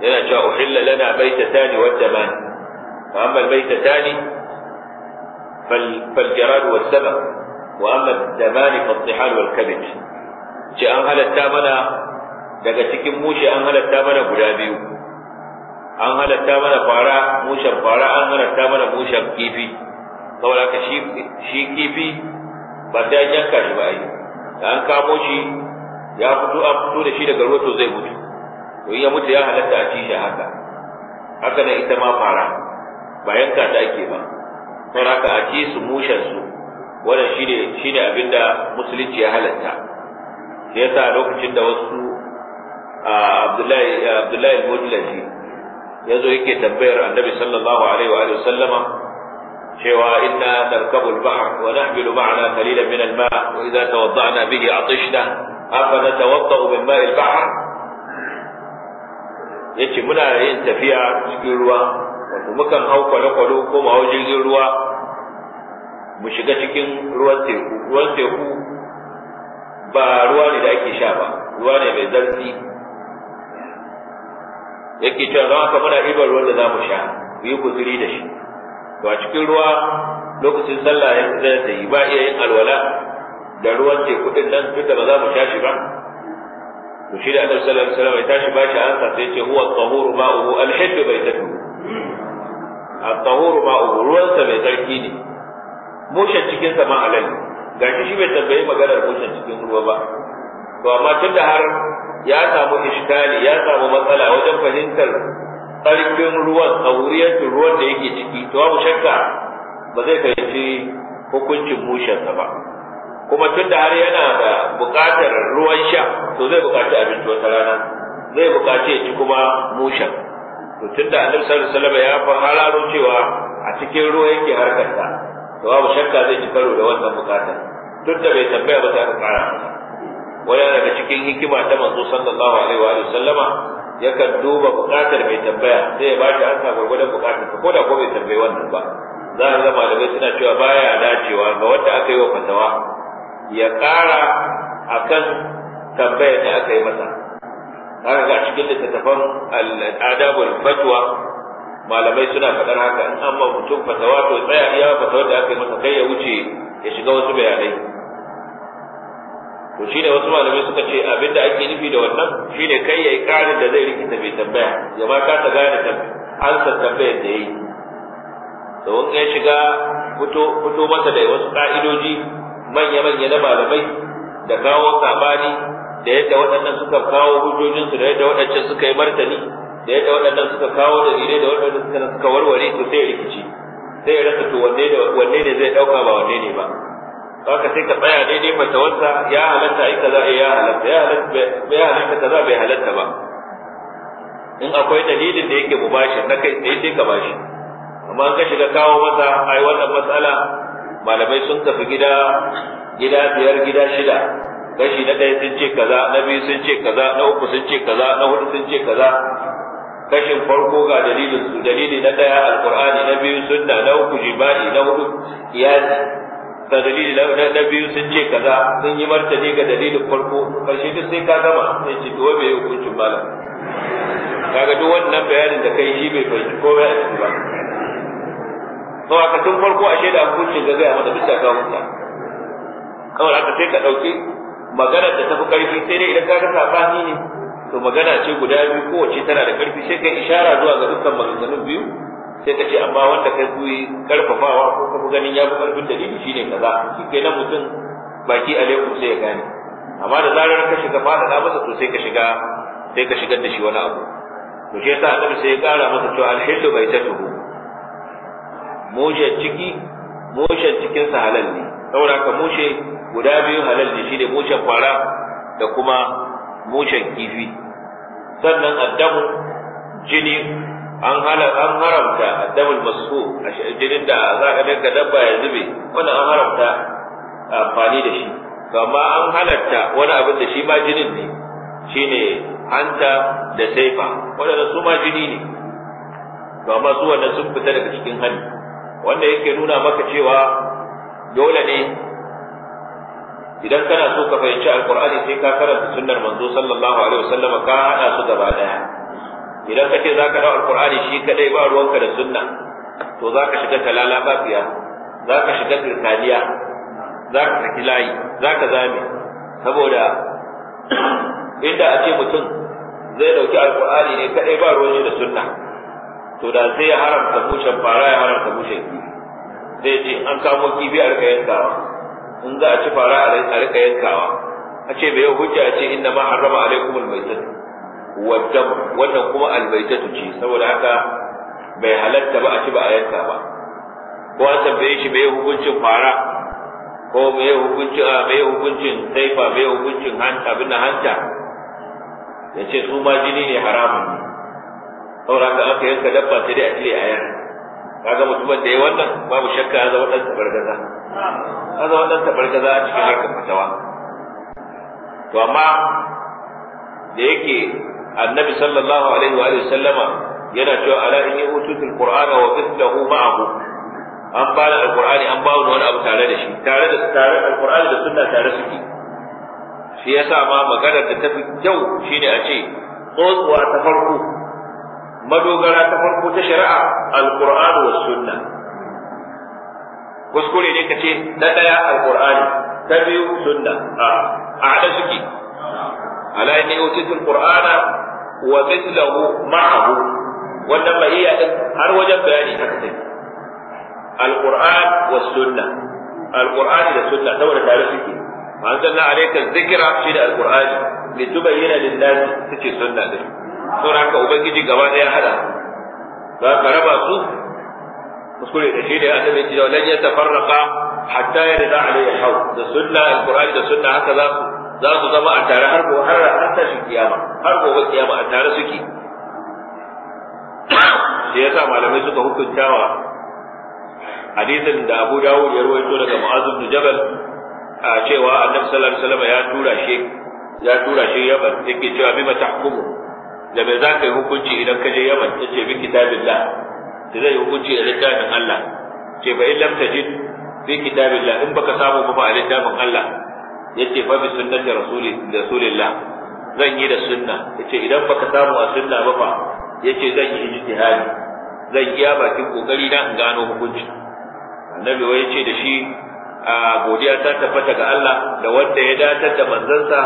yana cewa uhilla lana baitatan wa daman fa amma baitatan fal fal jarad wa sabab wa amma daman fa tihal wal kabid ce an halatta mana daga cikin mushi an halatta mana guda biyu an halatta mana fara mushen fara an halatta mana mushen kifi saboda ka shi shi kifi ba ta yanka shi ba ai an kamo shi ya fito an fito da shi daga ruwa to zai mutu to in ya mutu ya halatta a ci shi haka haka ne ita ma fara ba yanka ta ake ba saboda ka a ci su mushen su wannan ne abin abinda musulunci ya halatta sai yasa lokacin da wasu Abdullahi Abdullahi al-Mudlaji yazo yake tambayar Annabi sallallahu alaihi wa sallama cewa inna narkabul bahr wa nahmilu ma'ana qalilan min al-ma' wa idza tawadda'na bihi atishna afa natawadda'u min ma'il bahr yace muna yin tafiya cikin ruwa wato mukan hau kwale-kwale ko mu hau jirgin ruwa mu shiga cikin ruwan teku ruwan teku ba ruwa ne da ake sha ba ruwa ne mai zartsi yake cewa za ka muna ibar ruwan da za mu sha ku yi guzuri da shi to a cikin ruwa lokacin sallah ya zai ta yi ba iya yin alwala da ruwan ce kudin nan duk da ba za mu sha shi ba to shi da annabi sallallahu alaihi wasallam ya tashi ba shi ansa sai ce huwa tahuru ma'uhu alhiddu baitatu at-tahuru ma'uhu ruwan sa mai tsarki ne mushen cikin sa ma halal gashi shi bai tambayi maganar mushen cikin ruwa ba to amma tunda har ya samu iskali ya samu matsala wajen fahimtar ƙarfin ruwan tsauriyancin ruwan da yake ciki to babu shakka ba zai fahimci hukuncin mushensa ba kuma tun da har yana da buƙatar ruwan sha to zai buƙaci abinci wata rana zai buƙaci ya ci kuma mushen to tun da annabi sallallahu alaihi wasallam ya fa hararo cewa a cikin ruwa yake harkarta, to babu shakka zai ci karo da wannan buƙatar tun da bai tambaya ba ta fara ƙara wani daga cikin hikima ta manzo sallallahu alaihi wa sallama yakan duba buƙatar mai tambaya sai ba shi ansa gwargwadon buƙatar ko da ko bai tambayi wannan ba za a da malamai suna cewa baya dacewa ga wanda aka yi wa fatawa ya ƙara akan tambaya da aka yi masa haka ga cikin littattafan al'adabul fatwa malamai suna faɗar haka in amma mutum fatawa to tsaya iya fatawar da aka yi masa kai ya wuce ya shiga wasu bayanai to shi ne wasu malamai suka ce abin da ake nufi da wannan shi ne kai ya yi ƙarin da zai rikita mai tambaya ya ma ta gane ta ansar tambayar da ya yi domin ya shiga fito masa da wasu ƙa'idoji manya-manya na malamai da kawo sabani da yadda waɗannan suka kawo hujjojinsu da yadda waɗancan suka yi martani da yadda waɗannan suka kawo dalilai da waɗannan suka warware to sai ya rikici sai ya rasa to wanne ne zai ɗauka ba wanne ne ba haka sai ka tsaya daidai wasa, ya halatta ai kaza eh, ya halatta ya halatta ya halatta kaza bai halatta ba in akwai dalilin da yake mubashir na kai sai sai ka bashi amma ka shiga kawo masa ai wannan matsala malamai sun tafi gida gida biyar gida shida kashi na ɗaya sun ce kaza na biyu sun ce kaza na uku sun ce kaza na hudu sun ce kaza kashin farko ga dalilin su dalili na ɗaya alqur'ani na biyu sunna na uku jima'i na hudu iyali ga dalili na biyu sun ce kaza sun yi martani ga dalilin farko karshe duk sai ka gama sai ce to bai hukuncin malam kaga duk wannan bayanin da kai shi bai fahimci ko bai ciki ba to aka tun farko a shaida hukuncin ga gaya mata bisa ga hukunta kawai aka sai ka ɗauki maganar da tafi karfi sai dai idan ka ga sabani ne to magana ce guda biyu kowace tana da ƙarfi sai kai ishara zuwa ga dukkan maganganun biyu sai ka ce amma wanda kai kuyi karfafawa ko ka fi ganin ya fi karfin dalili shine kaza shi na mutum baki alaikum sai ya gane amma da zarar ka shiga faɗaɗa masa to sai ka shiga sai ka shigar da shi wani abu to shi yasa annabi sai ya ƙara masa cewa alhillu bai ta tuhu moshe ciki moshe cikin sa halal ne saboda ka mushe guda biyu halal ne shine mushen fara da kuma mushen kifi sannan addamu jini an halar an haramta addamul masu a jinin da za ka danka dabba ya zube wannan an haramta amfani da shi to amma an halarta wani abin da shi ma jinin ne shine hanta da saifa wannan su ma jini ne to amma su wannan sun fita daga cikin hannu wanda yake nuna maka cewa dole ne idan kana so ka fahimci alkur'ani sai ka karanta sunnar manzo sallallahu alaihi wasallam ka hada su gaba daya idan ka ce za ka dau alqur'ani shi kadai ba ruwanka da sunna to za ka shiga talala babiya za ka shiga tsirkaniya za ka saki layi za ka zame saboda inda a ce mutum zai dauki alqur'ani ne kadai ba ruwan shi da sunna to da zai haramta bushen fara ya haramta bushen kifi zai ce an kamo kifi a rika yankawa in za a ci fara a rika yankawa a ce mai hujja a ce inna ma harrama alaikumul maitat wadam wannan kuma albaitatu ce saboda haka bai halatta ba a ci ba a yanka ba ko an tambaye shi mai hukuncin fara ko mai hukuncin a mai hukuncin taifa mai hukuncin hanta bin hanta ya ce su ma jini ne haramun ne saboda haka aka yanka dabba sai dai a cire a yanka kaga mutumin da ya wannan babu shakka ya zama dan gaza. ya zama dan gaza a cikin harkar fatawa to amma da yake annabi sallallahu alaihi wa sallama yana cewa ala inni ututul qur'ana wa mithluhu ma'ahu an ba da alqur'ani an ba wani abu tare da shi tare da tare alqur'ani da sunna tare suke shi yasa ma maganar da tafi kyau shine a ce tsotsuwa ta farko madogara ta farko ta shari'a alqur'ani wa sunna kuskure ne kace na daya alqur'ani ta biyu sunna a a hada suke ala inni utitul qur'ana wa mithlahu ma'ahu wannan ma'iya din har wajen bayani haka sai alquran was sunna alqur'ani da sunna saboda tare suke anzalna alayka dhikra fi alqur'ani litubayyana lin-nas tace sunna din saboda haka ubangiji gaba daya hada za ka raba su kuskure da shi da ya tabbata cewa lan yatafarraqa hatta yarda alayhi al-hawl da sunna alqur'ani da sunna haka za su za su zama a tare har gobe har har shi kiyama har gobe kiyama a tare suke shi yasa malamai suka hukuntawa hadisin da Abu Dawud ya rawaito daga Mu'az ibn Jabal a cewa Annabi sallallahu alaihi wasallam ya tura shi ya tura shi Yaman yake cewa bima tahkumu da me za ka yi hukunci idan ka je Yaman yace bi kitabillah da zai hukunci da littafin Allah ce ba illam tajid bi kitabillah in baka samu ba a littafin Allah yace fa bi sunnati rasuli rasulillah zan yi da sunna yace idan baka samu a sunna ba fa yace zan yi ijtihadi zan iya bakin kokari na in gano hukunci annabi wai yace da shi a godiya ta tabbata ga Allah da wanda ya datar da manzansa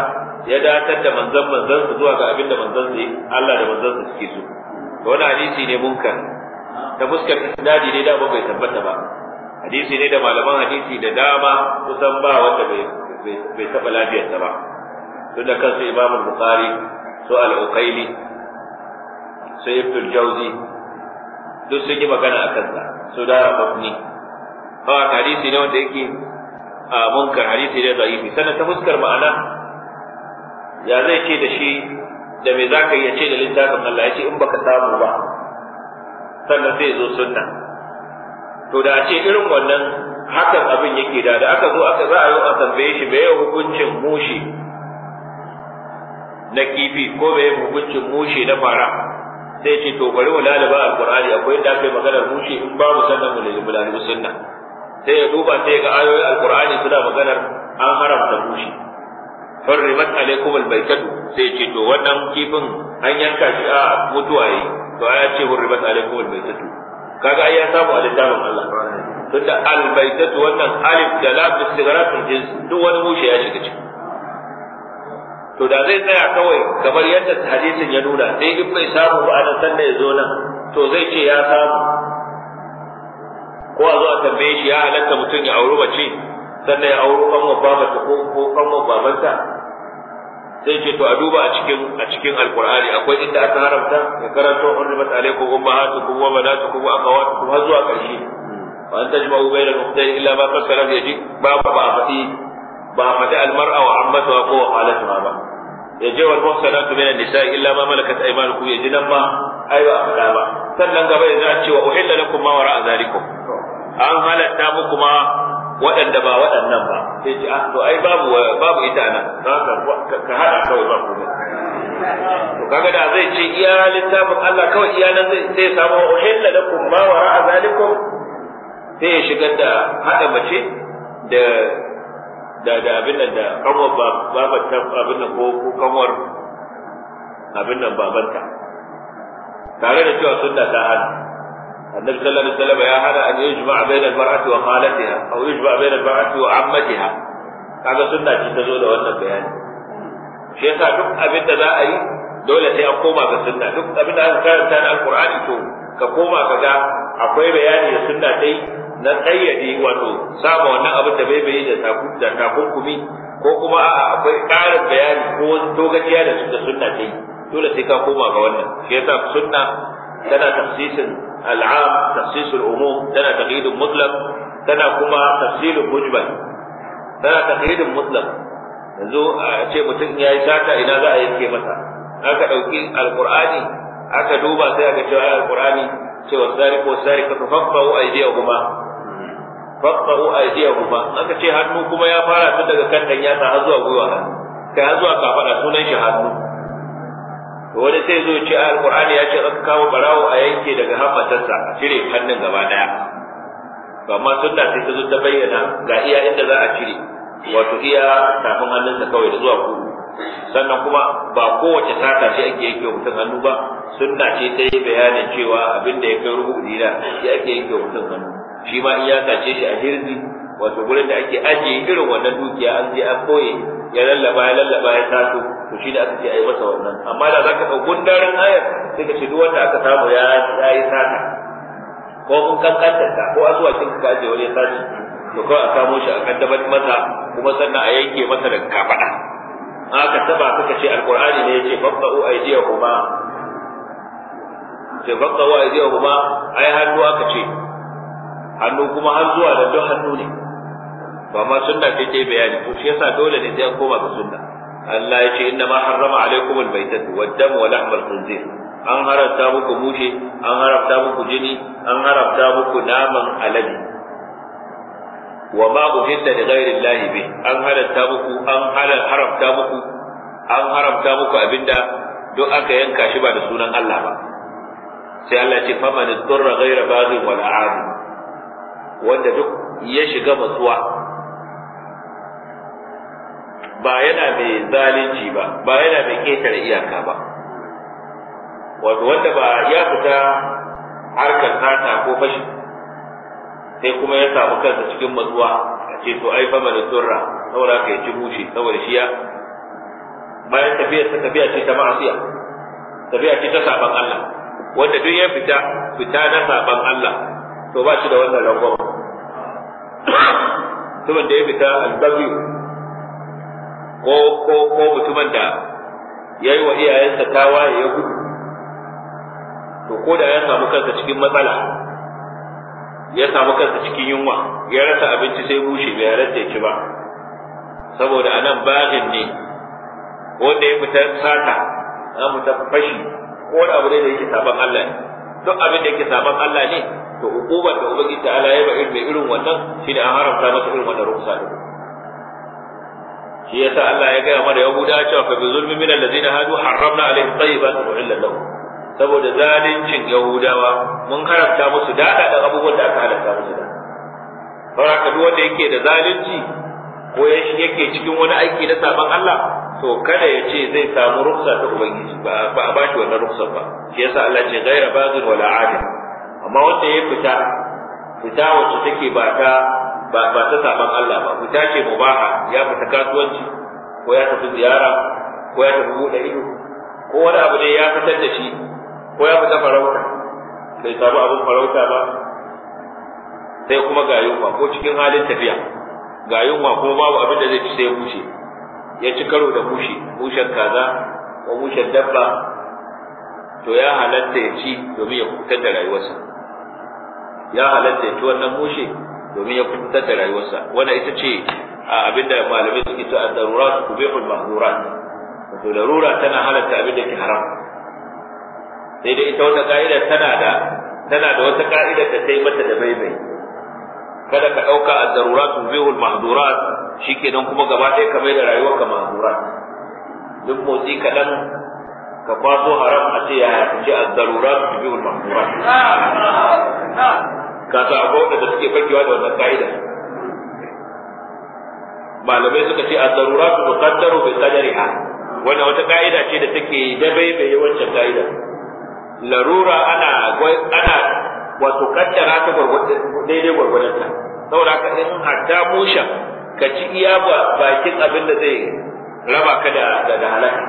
ya datar da manzan manzansa zuwa ga abinda da manzansa Allah da manzansa suke so wani hadisi ne munkar ta fuskar isnadi ne da bai tabbata ba hadisi ne da malaman hadisi da dama kusan ba wanda bai bai taɓa lafiyarsa ba tun da kansu imam bukhari su al-uqaili su iftul jauzi duk sun yi magana a kansa su da mabni hawa hadisi ne wanda yake a munkar hadisi ne zaifi sannan ta fuskar ma'ana ya zai ce da shi da me zaka yi ya ce da littafin Allah ya ce in baka samu ba sannan sai zo sunna to da a ce irin wannan hakan abin yake da da aka zo aka za a yi a tambaye shi mai hukuncin mushi na kifi ko mai hukuncin mushi na fara sai ce to bari mu lalaba alqur'ani akwai inda kai maganar mushi in ba mu sannan mu lalaba sunna sai ya duba sai ga ayoyin alqur'ani suna maganar an haramta mushi hurrimat alaikum albaytatu sai ce to wannan kifin an yanka shi a mutuwaye to ya ce hurrimat alaikum albaytatu kaga ai ya samu a Allah tunda albaitatu wannan alif da lam istighratul jins duk wani mushe ya shiga ciki to da zai tsaya kawai kamar yadda hadisin ya nuna sai in bai samu ba san sanna ya zo nan to zai ce ya samu ko a zo a tambaye shi ya halatta mutum ya auri mace sannan ya auri baba ta ko ko wa babanta sai ce to a duba a cikin a cikin alqur'ani akwai inda aka haramta ya karanto hurrimat alaikum ummahatukum wa banatukum wa akhawatukum har zuwa ƙarshe وان an بين الاختين الا ما illa ma qad باب yaji ba ba ba fadi ba al-mar'a wa ammatuha ko wa khalatuha ba yaji wal muhsanatu min illa ma nan ba ba sannan gaba yanzu an cewa uhilla lakum ma wara'a zalikum an halatta muku ma waɗanda ba waɗannan ba sai ah, to ai babu babu ita nan ka hada kawai ba to kaga da zai ce iya littafin Allah kawai iya nan zai samu uhilla lakum ma wara'a zalikum sai ya shigar da haɗa mace da da da abin nan da kanwar babar ta abin nan ko ko kanwar abin nan ta. tare da cewa sunna ta hana annabi sallallahu alaihi wasallam ya hana an yujma bayna al-mar'ati wa khalatiha aw yujma bayna al-mar'ati wa ammatiha kaga sunna ce ta zo da wannan bayani shi yasa duk abin da za a yi dole sai an koma ga sunna duk abin da aka karanta na al-qur'ani to ka koma ka ga akwai bayani da sunna dai na kayyade wato sama wannan abin da bai bai da takunkumi ko kuma a'a akwai ƙarin bayani ko wani dogaciya da sunna sunna ta yi dole sai ka koma ga wannan shi yasa sunna tana tafsisin al'am tafsisul umum tana taqidun mutlaq tana kuma tafsilun mujmal tana taqidun mutlaq yanzu a ce mutum ya yi sata ina za a yanke masa aka ɗauki alƙur'ani aka duba sai aka cewa alƙur'ani cewa sariqu sariqatu faqahu aydiyahuma faqta'u ba aka ce hannu kuma ya fara tun daga kan dan yatsa har zuwa gwiwa kai har zuwa kafada sunan shi hannu to wani sai zo ce alqur'ani ya ce aka kawo barawo a yanke daga hammatarsa a cire hannun gaba daya to amma sunna sai ta zo ta bayyana ga iya inda za a cire wato iya tafin hannunsa kawai da zuwa kugu sannan kuma ba kowace sata ce ake yanke mutum hannu ba sunna ce ta yi bayanin cewa abin da ya kai rubu dina shi ake yanke mutum hannu shi ma iyaka kace shi a hirzi wato gurin da ake ajiye irin wannan dukiya an je an koye ya lallaba ya lallaba ya taso to shi da aka ce ayi masa wannan amma da zaka ɗau gundarin ayar sai ka ce duk wanda aka samu ya yi sata ko kun ta ko asuwakin ka ajiye wani sata to kawai a samo shi a kaddabar masa kuma sannan a yanke masa da kafaɗa aka taba suka ce alqur'ani ne yace fabba'u aydiyahuma ce fabba'u aydiyahuma ai hannu aka ce hannu kuma har zuwa da duk hannu ne ba ma sunna ce bayani ko shi yasa dole ne sai an koma ga sunna Allah ya ce inna ma harrama alaikum albaytat wad-dam wa lahm al-khinzir an haramta muku mushe an haramta muku jini an haramta muku naman alade wa ma uhilla li ghayri Allah bih an haramta muku an haramta muku an haramta muku abinda duk aka yanka shi ba da sunan Allah ba sai Allah ce faman turra ghayra baghin wala 'adin wanda duk ya shiga matsuwa ba yana mai zalunci ba ba yana mai ƙetare iyaka ba wato wanda ba ya fita harkar sata ko fashi sai kuma ya samu kansa cikin matsuwa a ce to ai fama da turra saboda ka ci bushe saboda shi ya, bayan tafiya ta tafiya ce ta ma'asiya tafiya ce ta saban Allah wanda duk ya fita fita na saban Allah to ba shi da wannan rangon. mutumin da ya fita albabi ko ko ko mutumin da ya yi wa iyayensa tawaye ya gudu to ko da ya samu kansa cikin matsala ya samu kansa cikin yunwa ya rasa abinci sai bushe bai halatta ya ci ba saboda anan bahin ne da ya fita sata an fita fashi ko da abu ne da yake saban Allah ne duk abin da yake saban Allah ne to hukumar da ta ala ya ba irin mai irin wannan ne an haramta masa irin wannan rukusa din shi yasa Allah ya gaya mana yahuda cewa fa bi zulmi min allazina hadu harramna alaihim tayyiban wa illa lahu saboda zalincin yahudawa mun haramta musu dada da abubuwan da aka haramta musu da saboda ka duk wanda yake da zalunci ko yake cikin wani aiki na saban Allah to kada ya ce zai samu ruksa ta ubangiji ba ba shi wannan ruksa ba shi yasa Allah ce ghaira bazin wala adil amma wanda ya fita fita wacce take ba ta ba ta saban Allah ba fita ce mubaha ya fita kasuwanci ko ya tafi ziyara ko ya tafi buɗe ido ko wani abu ne ya fitar da shi ko ya fita farauta bai samu abin farauta ba sai kuma ga yunwa ko cikin halin tafiya ga yunwa kuma babu abin da zai ci sai bushe ya ci karo da bushe bushen kaza ko bushen dabba to ya halatta ya ci domin ya fitar da rayuwarsa ya halatta ya ci wannan mushe domin ya fitar da rayuwarsa wannan ita ce abinda malamai suke ta ku bai kul mahdura wato darura tana halatta abin da ke haram sai dai ita wata ka'ida tana da tana da wata ka'ida da ta yi mata da baibai kada ka ɗauka ad-darurat shi ke shikenan kuma gaba ɗaya ka mai da rayuwarka mahdura duk motsi kaɗan ka kwato haram a ce ya ce a ku su kul mahdura Kasa a akwai da suke fakewa da wannan ka'ida malamai suka ce a ad-daruratu bai bi qadariha wannan wata ka'ida ce da take mai wancan ka'ida larura ana ana wato kaddara ta daidai gwargwadonta saboda haka in hatta musha ka ci iya bakin abin da zai raba ka da da halaka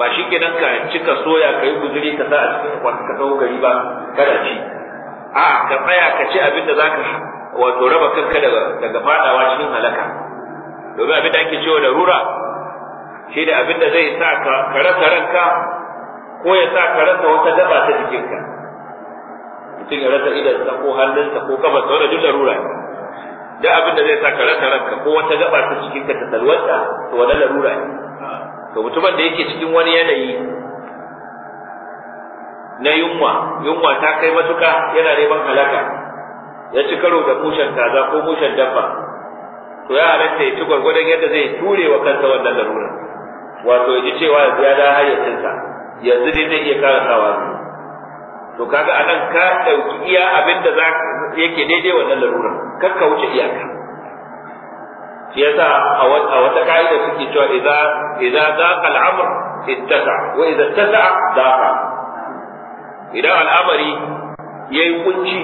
ba shi kenan ka cika soya ka yi guzuri ka sa a cikin kwatakatau gari ba kada ci a ka tsaya ka ce abin da za ka wato raba kanka daga fadawa cikin halaka domin abin da ake cewa darura, shi da abin da zai sa ka rasa ranka ko ya sa ka rasa wata daba ta jikinka mutum ya rasa idansa ko hannunsa ko kafa wanda duk rura ne da abin da zai sa ka rasa ranka ko wata daba ta cikin ka ta salwanta to wannan larura ne to mutumin da yake cikin wani yanayi na yunwa yunwa ta kai matuka yana neman halaka ya ci karo da mushen kaza ko mushen dabba to ya halatta ya ci gwargwadon yadda zai ture wa kansa wannan larura wato ya ji cewa ya da hayyacinsa yanzu dai zai iya kara sawa su. to kaga anan ka ɗauki iya abin da yake daidai wannan larura kar ka wuce iyaka shi yasa a wata ka'ida suke cewa idan za ka al'amur ittasa wa tasa za ka idan al'amari ya yi kunci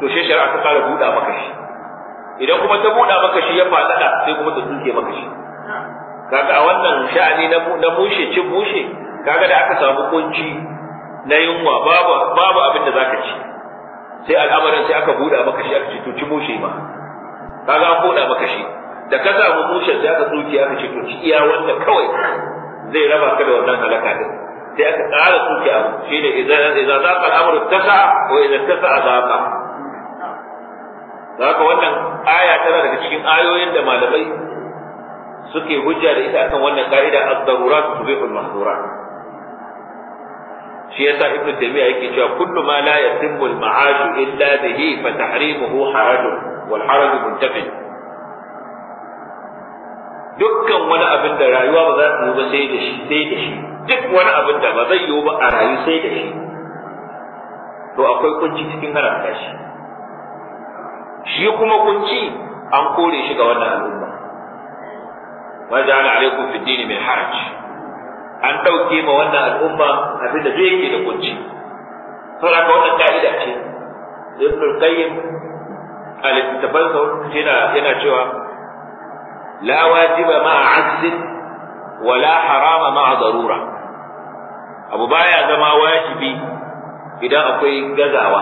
to shi shari'a ta fara buɗa maka shi idan kuma ta buɗa maka shi ya faɗaɗa sai kuma ta tsuke maka shi kaga a wannan sha'ani na mushe cin mushe kaga da aka samu kunci na yunwa babu babu abin da zaka ci sai al'amarin sai aka buɗa maka shi aka ce to ci mushe ma kaga an buɗa maka shi da ka samu mushe sai aka tsoki aka ce to ci iya wannan kawai zai raba ka da wannan halaka din sai aka ƙara tuki abu shi ne idan za ka al'amuru tasa ko idan tasa a zaƙa za ka wannan aya tana daga cikin ayoyin da malamai suke hujja da ita akan wannan ka'ida az-darurat tubihul mahdurat shi ya yasa ibnu taymiya yake cewa kullu ma la yatimmu al-ma'ash illa bihi fa tahrimuhu harajun wal haraj muntafi' dukkan wani abin da rayuwa ba za ta yi ba sai da shi sai da shi duk wani abin da ba zai yiwu ba a rayu sai da shi to akwai kunci cikin haramta shi shi kuma kunci an kore shi ga wannan al'umma wa ja'ala alaikum fi dini min haraj an dauke ma wannan al'umma abin da zai yake da kunci saboda ka wannan ka'ida ce ibn qayyim al-tabalka yana yana cewa la wajiba ma'a 'azz wa la harama ma'a darura abu baya zama wajibi idan akwai gazawa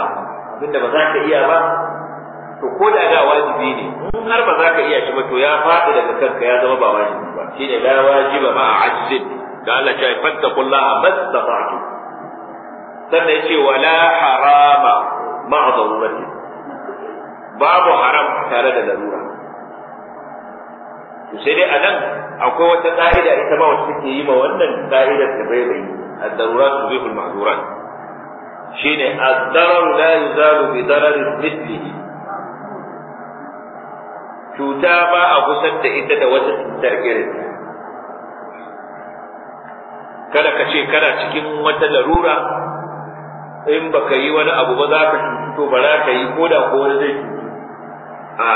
abinda ba za ka iya ba to ko da ga wajibi ne in har ba za ka iya shi ba to ya faɗi daga kanka ya zama ba wajibi ba shine la wajiba ma ajzin da Allah ya fattaqullaha mastata'tu sannan yace wala harama ma darurati babu haram tare da larura to sai dai anan akwai wata ka'ida ita ba wacce take yi ma wannan ka'idar da bai bai ad-darurat tubihu al-mahdurat shine ad-darar la yuzalu bi darar mithlihi cuta ba a gusar da ita da kada ka ce kana cikin wata larura in baka yi wani abu ba za ka to ba za ka yi ko da ko wani zai a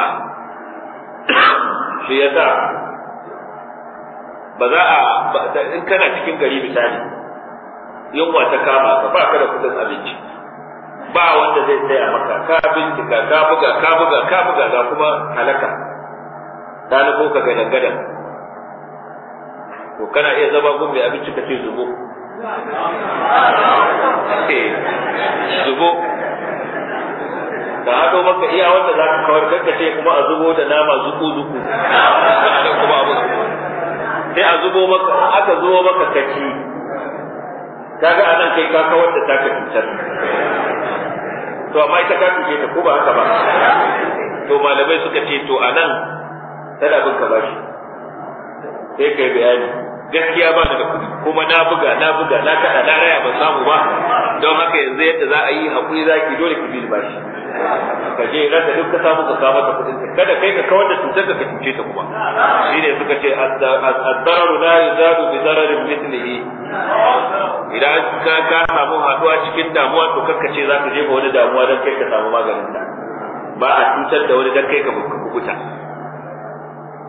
shi yasa ba za a in kana cikin gari misali yunwa ta kama ka ba ka da kudin abinci ba wanda zai tsaya maka ka bincika ka buga ka buga ka buga ga kuma halaka ɗalibo ka ga dangadan to kana iya zama gun mai abinci ka ce zubo eh, zubo da haɗo maka iya wanda za ka kawar ka ce kuma a zubo da nama zuku zuku kuma abu sai a zubo maka aka zubo maka kaci kaga a nan kai ka kawar da taka cutar to amma ita ka cuce ta ko ba haka ba to malamai suka ce to a nan tana bin ka shi sai kai bayani gaskiya ba daga kuɗi kuma na buga na buga na kaɗa na raya ban samu ba don haka yanzu yadda za a yi haƙuri za ki dole ki bi bashi ka je rasa duk ka samu ka samar da kudin kada kai ka kawar da cutar ka cuce ta kuma shi ne suka ce addararu la yuzadu bi dararin mithlihi idan ka ka samu haduwa cikin damuwa to kakkace za ka je ba wani damuwa dan kai ka samu maganin ta ba a cutar da wani dan kai ka kubuta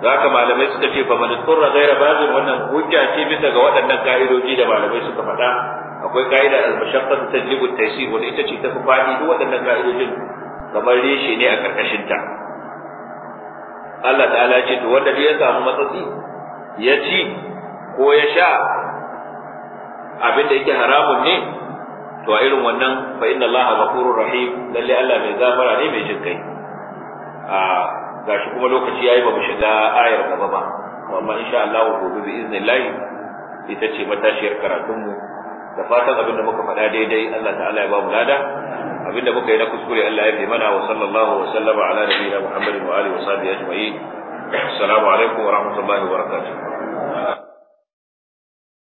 za ka malamai suka ce fa man turra ghaira bazin wannan hujja ce bisa ga waɗannan ka'idoji da malamai suka faɗa akwai ka'ida al-mashaqqatu tajlibu at-taysir wanda ita ce ta fi faɗi duk waɗannan ka'idojin kamar reshe ne a karkashinta Allah ta'ala ce to wanda duk ya samu matsatsi ya ci ko ya sha abin da yake haramun ne to a irin wannan fa inna Allah ghafurur rahim lalle Allah mai zafara ne mai jin kai a gashi kuma lokaci yayi ba mu shiga ayar gaba ba amma insha Allah gobe bi iznillah ita ce matashiyar karatunmu da fatan abin da muka faɗa daidai Allah ta'ala ya ba mu lada abinda muka yi na kuskure Allah ya bi mana wa sallallahu wa sallama ala nabiyina Muhammadin wa alihi wa sahbihi ajma'in assalamu alaikum wa rahmatullahi wa barakatuh